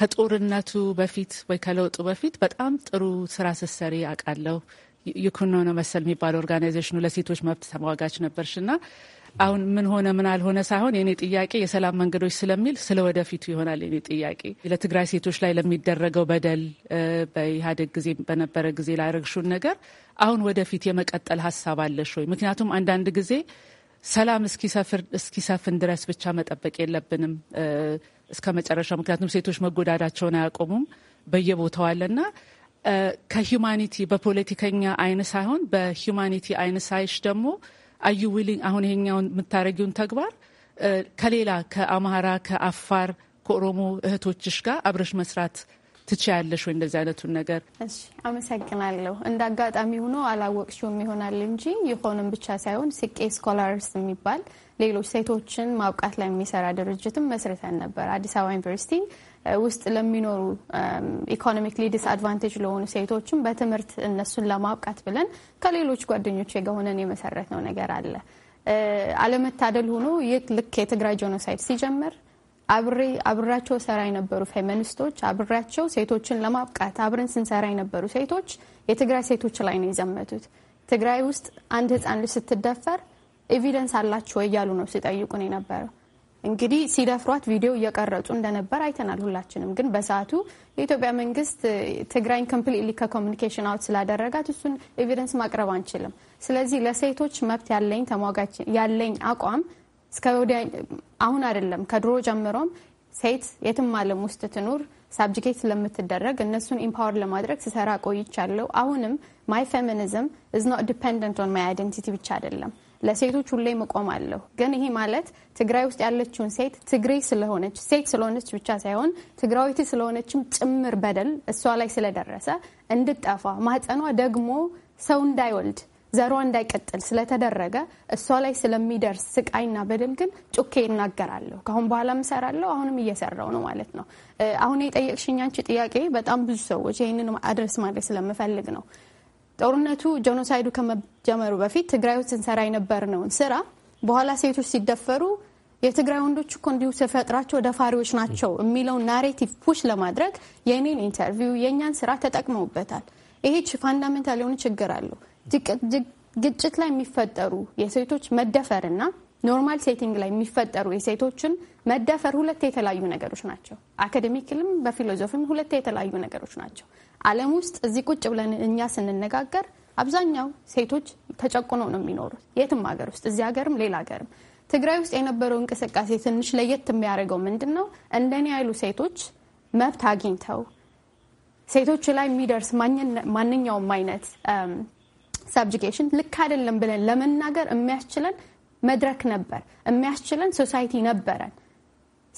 ከጦርነቱ በፊት ወይ ከለውጡ በፊት በጣም ጥሩ ስራ ስትሰሪ አውቃለሁ። ይኩኖ ነው መሰል የሚባል ኦርጋናይዜሽኑ ለሴቶች መብት ተሟጋች ነበርሽ እና አሁን ምን ሆነ ምን አልሆነ ሳይሆን የኔ ጥያቄ የሰላም መንገዶች ስለሚል ስለ ወደፊቱ ይሆናል። የኔ ጥያቄ ለትግራይ ሴቶች ላይ ለሚደረገው በደል በኢህአዴግ ጊዜ በነበረ ጊዜ ላረግሹን ነገር አሁን ወደፊት የመቀጠል ሀሳብ አለሽ ወይ? ምክንያቱም አንዳንድ ጊዜ ሰላም እስኪሰፍን ድረስ ብቻ መጠበቅ የለብንም። እስከ መጨረሻው። ምክንያቱም ሴቶች መጎዳዳቸውን አያቆሙም፣ በየቦታው አለና ከሂዩማኒቲ በፖለቲከኛ አይን ሳይሆን በሂዩማኒቲ አይን ሳይሽ ደግሞ አዩ ዊሊንግ አሁን ይሄኛውን የምታደረጊውን ተግባር ከሌላ ከአማራ ከአፋር ከኦሮሞ እህቶችሽ ጋር አብረሽ መስራት ትችያለሽ ወይ? እንደዚህ አይነቱን ነገር አመሰግናለሁ። እንደ አጋጣሚ ሆኖ አላወቅሽውም ይሆናል እንጂ የሆንም ብቻ ሳይሆን ስቄ ስኮላርስ የሚባል ሌሎች ሴቶችን ማብቃት ላይ የሚሰራ ድርጅትም መስርተን ነበር። አዲስ አበባ ዩኒቨርሲቲ ውስጥ ለሚኖሩ ኢኮኖሚክሊ አድቫንቴጅ ለሆኑ ሴቶችም በትምህርት እነሱን ለማብቃት ብለን ከሌሎች ጓደኞች የገሆነን የመሰረት ነው ነገር አለ። አለመታደል ሆኖ ይህ ልክ የትግራይ ጄኖሳይድ ሲጀመር አብሬ አብራቸው ሰራ የነበሩ ፌሚኒስቶች አብራቸው ሴቶችን ለማብቃት አብረን ስንሰራ የነበሩ ሴቶች የትግራይ ሴቶች ላይ ነው የዘመቱት። ትግራይ ውስጥ አንድ ህፃን ልጅ ስትደፈር ኤቪደንስ አላችሁ ወይ እያሉ ነው ሲጠይቁን የነበረው። እንግዲህ ሲደፍሯት ቪዲዮ እየቀረጹ እንደነበር አይተናል ሁላችንም። ግን በሰዓቱ የኢትዮጵያ መንግስት ትግራይን ኮምፕሊትሊ ከኮሚኒኬሽን አውት ስላደረጋት እሱን ኤቪደንስ ማቅረብ አንችልም። ስለዚህ ለሴቶች መብት ያለኝ ተሟጋች ያለኝ አቋም እስከ ወዲያ አሁን አይደለም ከድሮ ጀምሮም ሴት የትም ዓለም ውስጥ ትኑር ሳብጅኬት ስለምትደረግ እነሱን ኢምፓወር ለማድረግ ስሰራ ቆይቻለሁ። አሁንም ማይ ፌሚኒዝም ኢዝ ኖት ዲፐንደንት ኦን ማይ አይደንቲቲ ብቻ አይደለም ለሴቶች ሁሌ መቆም አለሁ። ግን ይሄ ማለት ትግራይ ውስጥ ያለችውን ሴት ትግሬ ስለሆነች ሴት ስለሆነች ብቻ ሳይሆን ትግራዊት ስለሆነችም ጭምር በደል እሷ ላይ ስለደረሰ እንድጠፋ ማህፀኗ ደግሞ ሰው እንዳይወልድ ዘሯ እንዳይቀጥል ስለተደረገ እሷ ላይ ስለሚደርስ ስቃይና በደል ግን ጩኬ ይናገራለሁ። ከአሁን በኋላም እሰራለሁ። አሁንም እየሰራው ነው ማለት ነው። አሁን የጠየቅሽኝ አንቺ ጥያቄ በጣም ብዙ ሰዎች ይህንን አድረስ ማለት ስለምፈልግ ነው። ጦርነቱ ጄኖሳይዱ ከመጀመሩ በፊት ትግራይ ውስጥ ስንሰራ የነበርነውን ስራ በኋላ ሴቶች ሲደፈሩ የትግራይ ወንዶች እኮ እንዲሁ ተፈጥሯቸው ደፋሪዎች ናቸው የሚለውን ናሬቲቭ ፑሽ ለማድረግ የኔን ኢንተርቪው የእኛን ስራ ተጠቅመውበታል። ይሄ ፋንዳሜንታል የሆነ ችግር አለው። ግጭት ላይ የሚፈጠሩ የሴቶች መደፈርና ኖርማል ሴቲንግ ላይ የሚፈጠሩ የሴቶችን መደፈር ሁለት የተለያዩ ነገሮች ናቸው። አካዴሚክልም በፊሎዞፊም ሁለት የተለያዩ ነገሮች ናቸው። ዓለም ውስጥ እዚህ ቁጭ ብለን እኛ ስንነጋገር አብዛኛው ሴቶች ተጨቁኖ ነው የሚኖሩት የትም ሀገር ውስጥ እዚህ ሀገርም ሌላ ሀገርም። ትግራይ ውስጥ የነበረው እንቅስቃሴ ትንሽ ለየት የሚያደርገው ምንድን ነው? እንደኔ ያሉ ሴቶች መብት አግኝተው ሴቶች ላይ የሚደርስ ማንኛውም አይነት ሰብጁጌሽን ልክ አይደለም ብለን ለመናገር የሚያስችለን መድረክ ነበር፣ የሚያስችለን ሶሳይቲ ነበረን።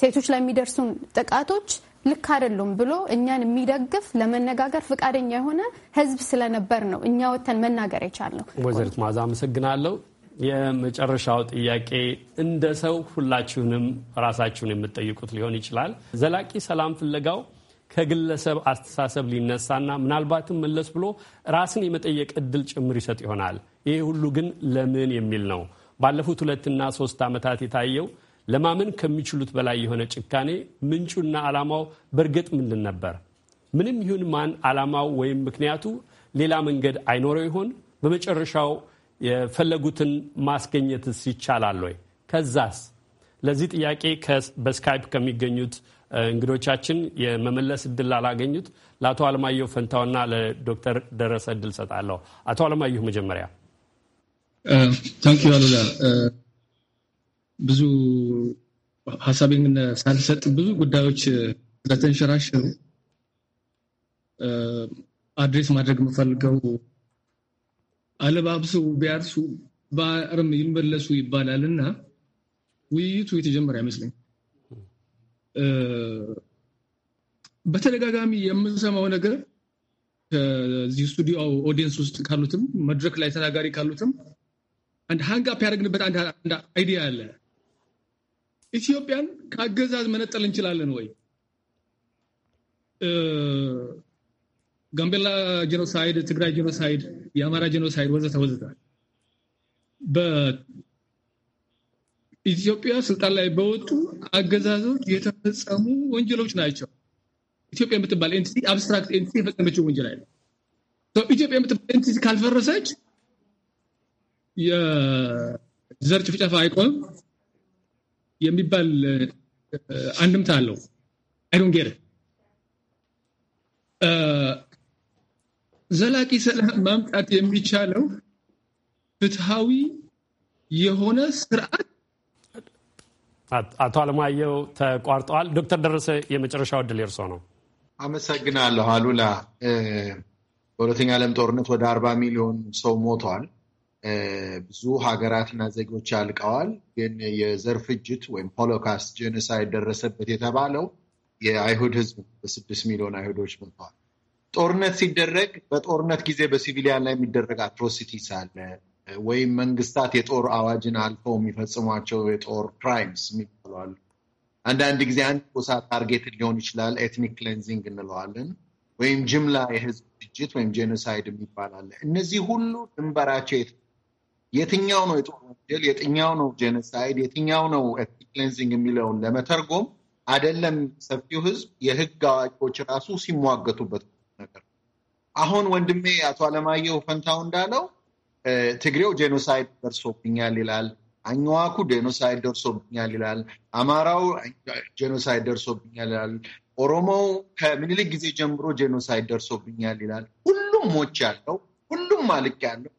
ሴቶች ላይ የሚደርሱን ጥቃቶች ልክ አይደሉም ብሎ እኛን የሚደግፍ ለመነጋገር ፈቃደኛ የሆነ ህዝብ ስለነበር ነው እኛ ወተን መናገር የቻልነው። ወይዘሪት ማዛ አመሰግናለሁ። የመጨረሻው ጥያቄ እንደ ሰው ሁላችሁንም ራሳችሁን የምትጠይቁት ሊሆን ይችላል። ዘላቂ ሰላም ፍለጋው ከግለሰብ አስተሳሰብ ሊነሳና ምናልባትም መለስ ብሎ ራስን የመጠየቅ እድል ጭምር ይሰጥ ይሆናል። ይሄ ሁሉ ግን ለምን የሚል ነው። ባለፉት ሁለትና ሶስት ዓመታት የታየው ለማመን ከሚችሉት በላይ የሆነ ጭካኔ ምንጩና ዓላማው በእርግጥ ምንድን ነበር? ምንም ይሁን ማን ዓላማው ወይም ምክንያቱ ሌላ መንገድ አይኖረው ይሆን? በመጨረሻው የፈለጉትን ማስገኘትስ ይቻላል ወይ? ከዛስ? ለዚህ ጥያቄ በስካይፕ ከሚገኙት እንግዶቻችን የመመለስ እድል አላገኙት ለአቶ አለማየሁ ፈንታውና ለዶክተር ደረሰ እድል ሰጣለሁ። አቶ አለማየሁ መጀመሪያ ታንኪ ዩ አሉላ። ብዙ ሀሳቤን ሳልሰጥ ብዙ ጉዳዮች ስለተንሸራሸሩ አድሬስ ማድረግ የምፈልገው አለባብሱ ቢያርሱ በአርም ይመለሱ ይባላል እና ውይይቱ የተጀመረ አይመስለኝ። በተደጋጋሚ የምንሰማው ነገር ከዚህ ስቱዲዮ ኦዲየንስ ውስጥ ካሉትም መድረክ ላይ ተናጋሪ ካሉትም አንድ ሀንጋፕ ያደረግንበት አንድ አይዲያ አለ። ኢትዮጵያን ከአገዛዝ መነጠል እንችላለን ወይ? ጋምቤላ ጄኖሳይድ፣ ትግራይ ጄኖሳይድ፣ የአማራ ጄኖሳይድ ወዘተ ወዘተ በኢትዮጵያ ስልጣን ላይ በወጡ አገዛዞች የተፈጸሙ ወንጀሎች ናቸው። ኢትዮጵያ የምትባል ኤንቲቲ አብስትራክት ኤንቲቲ የፈጸመችው ወንጀል አለ። ኢትዮጵያ የምትባል ኤንቲቲ ካልፈረሰች የዘር ጭፍጨፋ አይቆም የሚባል አንድምታ አለው። አይዶንጌር ዘላቂ ሰላም ማምጣት የሚቻለው ፍትሃዊ የሆነ ስርዓት አቶ አለማየሁ ተቋርጠዋል። ዶክተር ደረሰ የመጨረሻው እድል የእርሶ ነው። አመሰግናለሁ አሉላ። በሁለተኛ ዓለም ጦርነት ወደ አርባ ሚሊዮን ሰው ሞቷል። ብዙ ሀገራትና ዜጎች አልቀዋል። ግን የዘር ፍጅት ወይም ሆሎካስት ጄኖሳይድ ደረሰበት የተባለው የአይሁድ ህዝብ በስድስት ሚሊዮን አይሁዶች መጥተዋል። ጦርነት ሲደረግ በጦርነት ጊዜ በሲቪሊያን ላይ የሚደረግ አትሮሲቲስ አለ ወይም መንግስታት የጦር አዋጅን አልፈው የሚፈጽሟቸው የጦር ክራይምስ የሚባለዋል። አንዳንድ ጊዜ አንድ ጎሳ ታርጌትን ሊሆን ይችላል። ኤትኒክ ክሌንዚንግ እንለዋለን። ወይም ጅምላ የህዝብ ፍጅት ወይም ጄኖሳይድ የሚባል አለ። እነዚህ ሁሉ ድንበራቸው የትኛው ነው የጦር ወንጀል፣ የትኛው ነው ጄኖሳይድ፣ የትኛው ነው ኤትኒክ ክሌንዚንግ የሚለውን ለመተርጎም አይደለም ሰፊው ህዝብ የህግ አዋቂዎች ራሱ ሲሟገቱበት ነገር አሁን ወንድሜ አቶ አለማየሁ ፈንታው እንዳለው ትግሬው ጄኖሳይድ ደርሶብኛል ይላል። አኝዋኩ ጄኖሳይድ ደርሶብኛል ይላል። አማራው ጄኖሳይድ ደርሶብኛል ይላል። ኦሮሞው ከምኒልክ ጊዜ ጀምሮ ጄኖሳይድ ደርሶብኛል ይላል። ሁሉም ሞች ያለው ሁሉም ማልቅ ያለው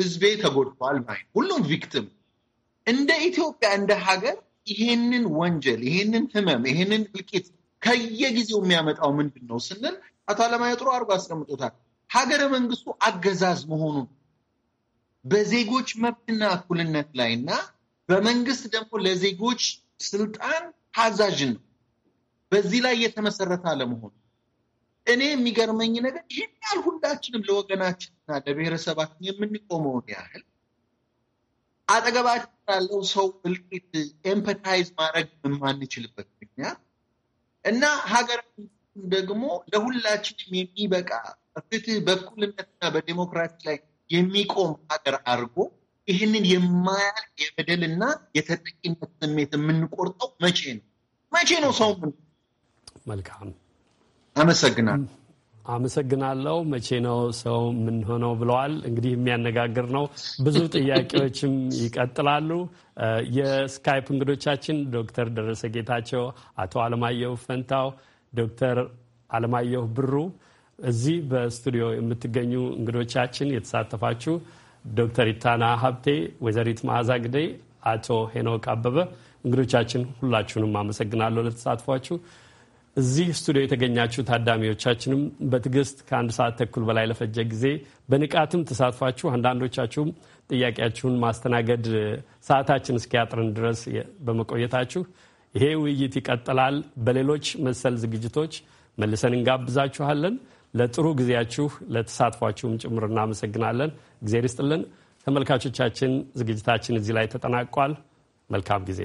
ህዝቤ ተጎድቷል ማለት ሁሉም ቪክቲም እንደ ኢትዮጵያ እንደ ሀገር ይሄንን ወንጀል ይሄንን ህመም ይሄንን እልቂት ከየጊዜው የሚያመጣው ምንድን ነው ስንል አቶ አለማየሁ ጥሩ አድርጎ አስቀምጦታል። ሀገረ መንግስቱ አገዛዝ መሆኑን በዜጎች መብትና እኩልነት ላይ እና በመንግስት ደግሞ ለዜጎች ስልጣን ታዛዥን ነው በዚህ ላይ የተመሰረተ አለመሆኑ እኔ የሚገርመኝ ነገር ይህን ያህል ሁላችንም ለወገናችንና ለብሔረሰባችን የምንቆመውን ያህል አጠገባችን ያለው ሰው እልቂት ኤምፐታይዝ ማድረግ የማንችልበት ምክንያት እና ሀገር ደግሞ ለሁላችንም የሚበቃ ፍትህ፣ በእኩልነትና በዴሞክራሲ ላይ የሚቆም ሀገር አድርጎ ይህንን የማያልቅ የበደልና የተጠቂነት ስሜት የምንቆርጠው መቼ ነው? መቼ ነው ሰው ምን መልካም አመሰግናለሁ። አመሰግናለሁ። መቼ ነው ሰው የምንሆነው ብለዋል። እንግዲህ የሚያነጋግር ነው። ብዙ ጥያቄዎችም ይቀጥላሉ። የስካይፕ እንግዶቻችን ዶክተር ደረሰ ጌታቸው፣ አቶ አለማየሁ ፈንታው፣ ዶክተር አለማየሁ ብሩ እዚህ በስቱዲዮ የምትገኙ እንግዶቻችን የተሳተፋችሁ ዶክተር ኢታና ሀብቴ፣ ወይዘሪት መዓዛ ግዴ፣ አቶ ሄኖክ አበበ እንግዶቻችን ሁላችሁንም አመሰግናለሁ ለተሳትፏችሁ። እዚህ ስቱዲዮ የተገኛችሁ ታዳሚዎቻችንም በትዕግስት ከአንድ ሰዓት ተኩል በላይ ለፈጀ ጊዜ በንቃትም ተሳትፏችሁ አንዳንዶቻችሁም ጥያቄያችሁን ማስተናገድ ሰዓታችን እስኪያጥርን ድረስ በመቆየታችሁ ይሄ ውይይት ይቀጥላል። በሌሎች መሰል ዝግጅቶች መልሰን እንጋብዛችኋለን። ለጥሩ ጊዜያችሁ ለተሳትፏችሁም ጭምር እናመሰግናለን። እግዜር ይስጥልን። ተመልካቾቻችን ዝግጅታችን እዚህ ላይ ተጠናቋል። መልካም ጊዜ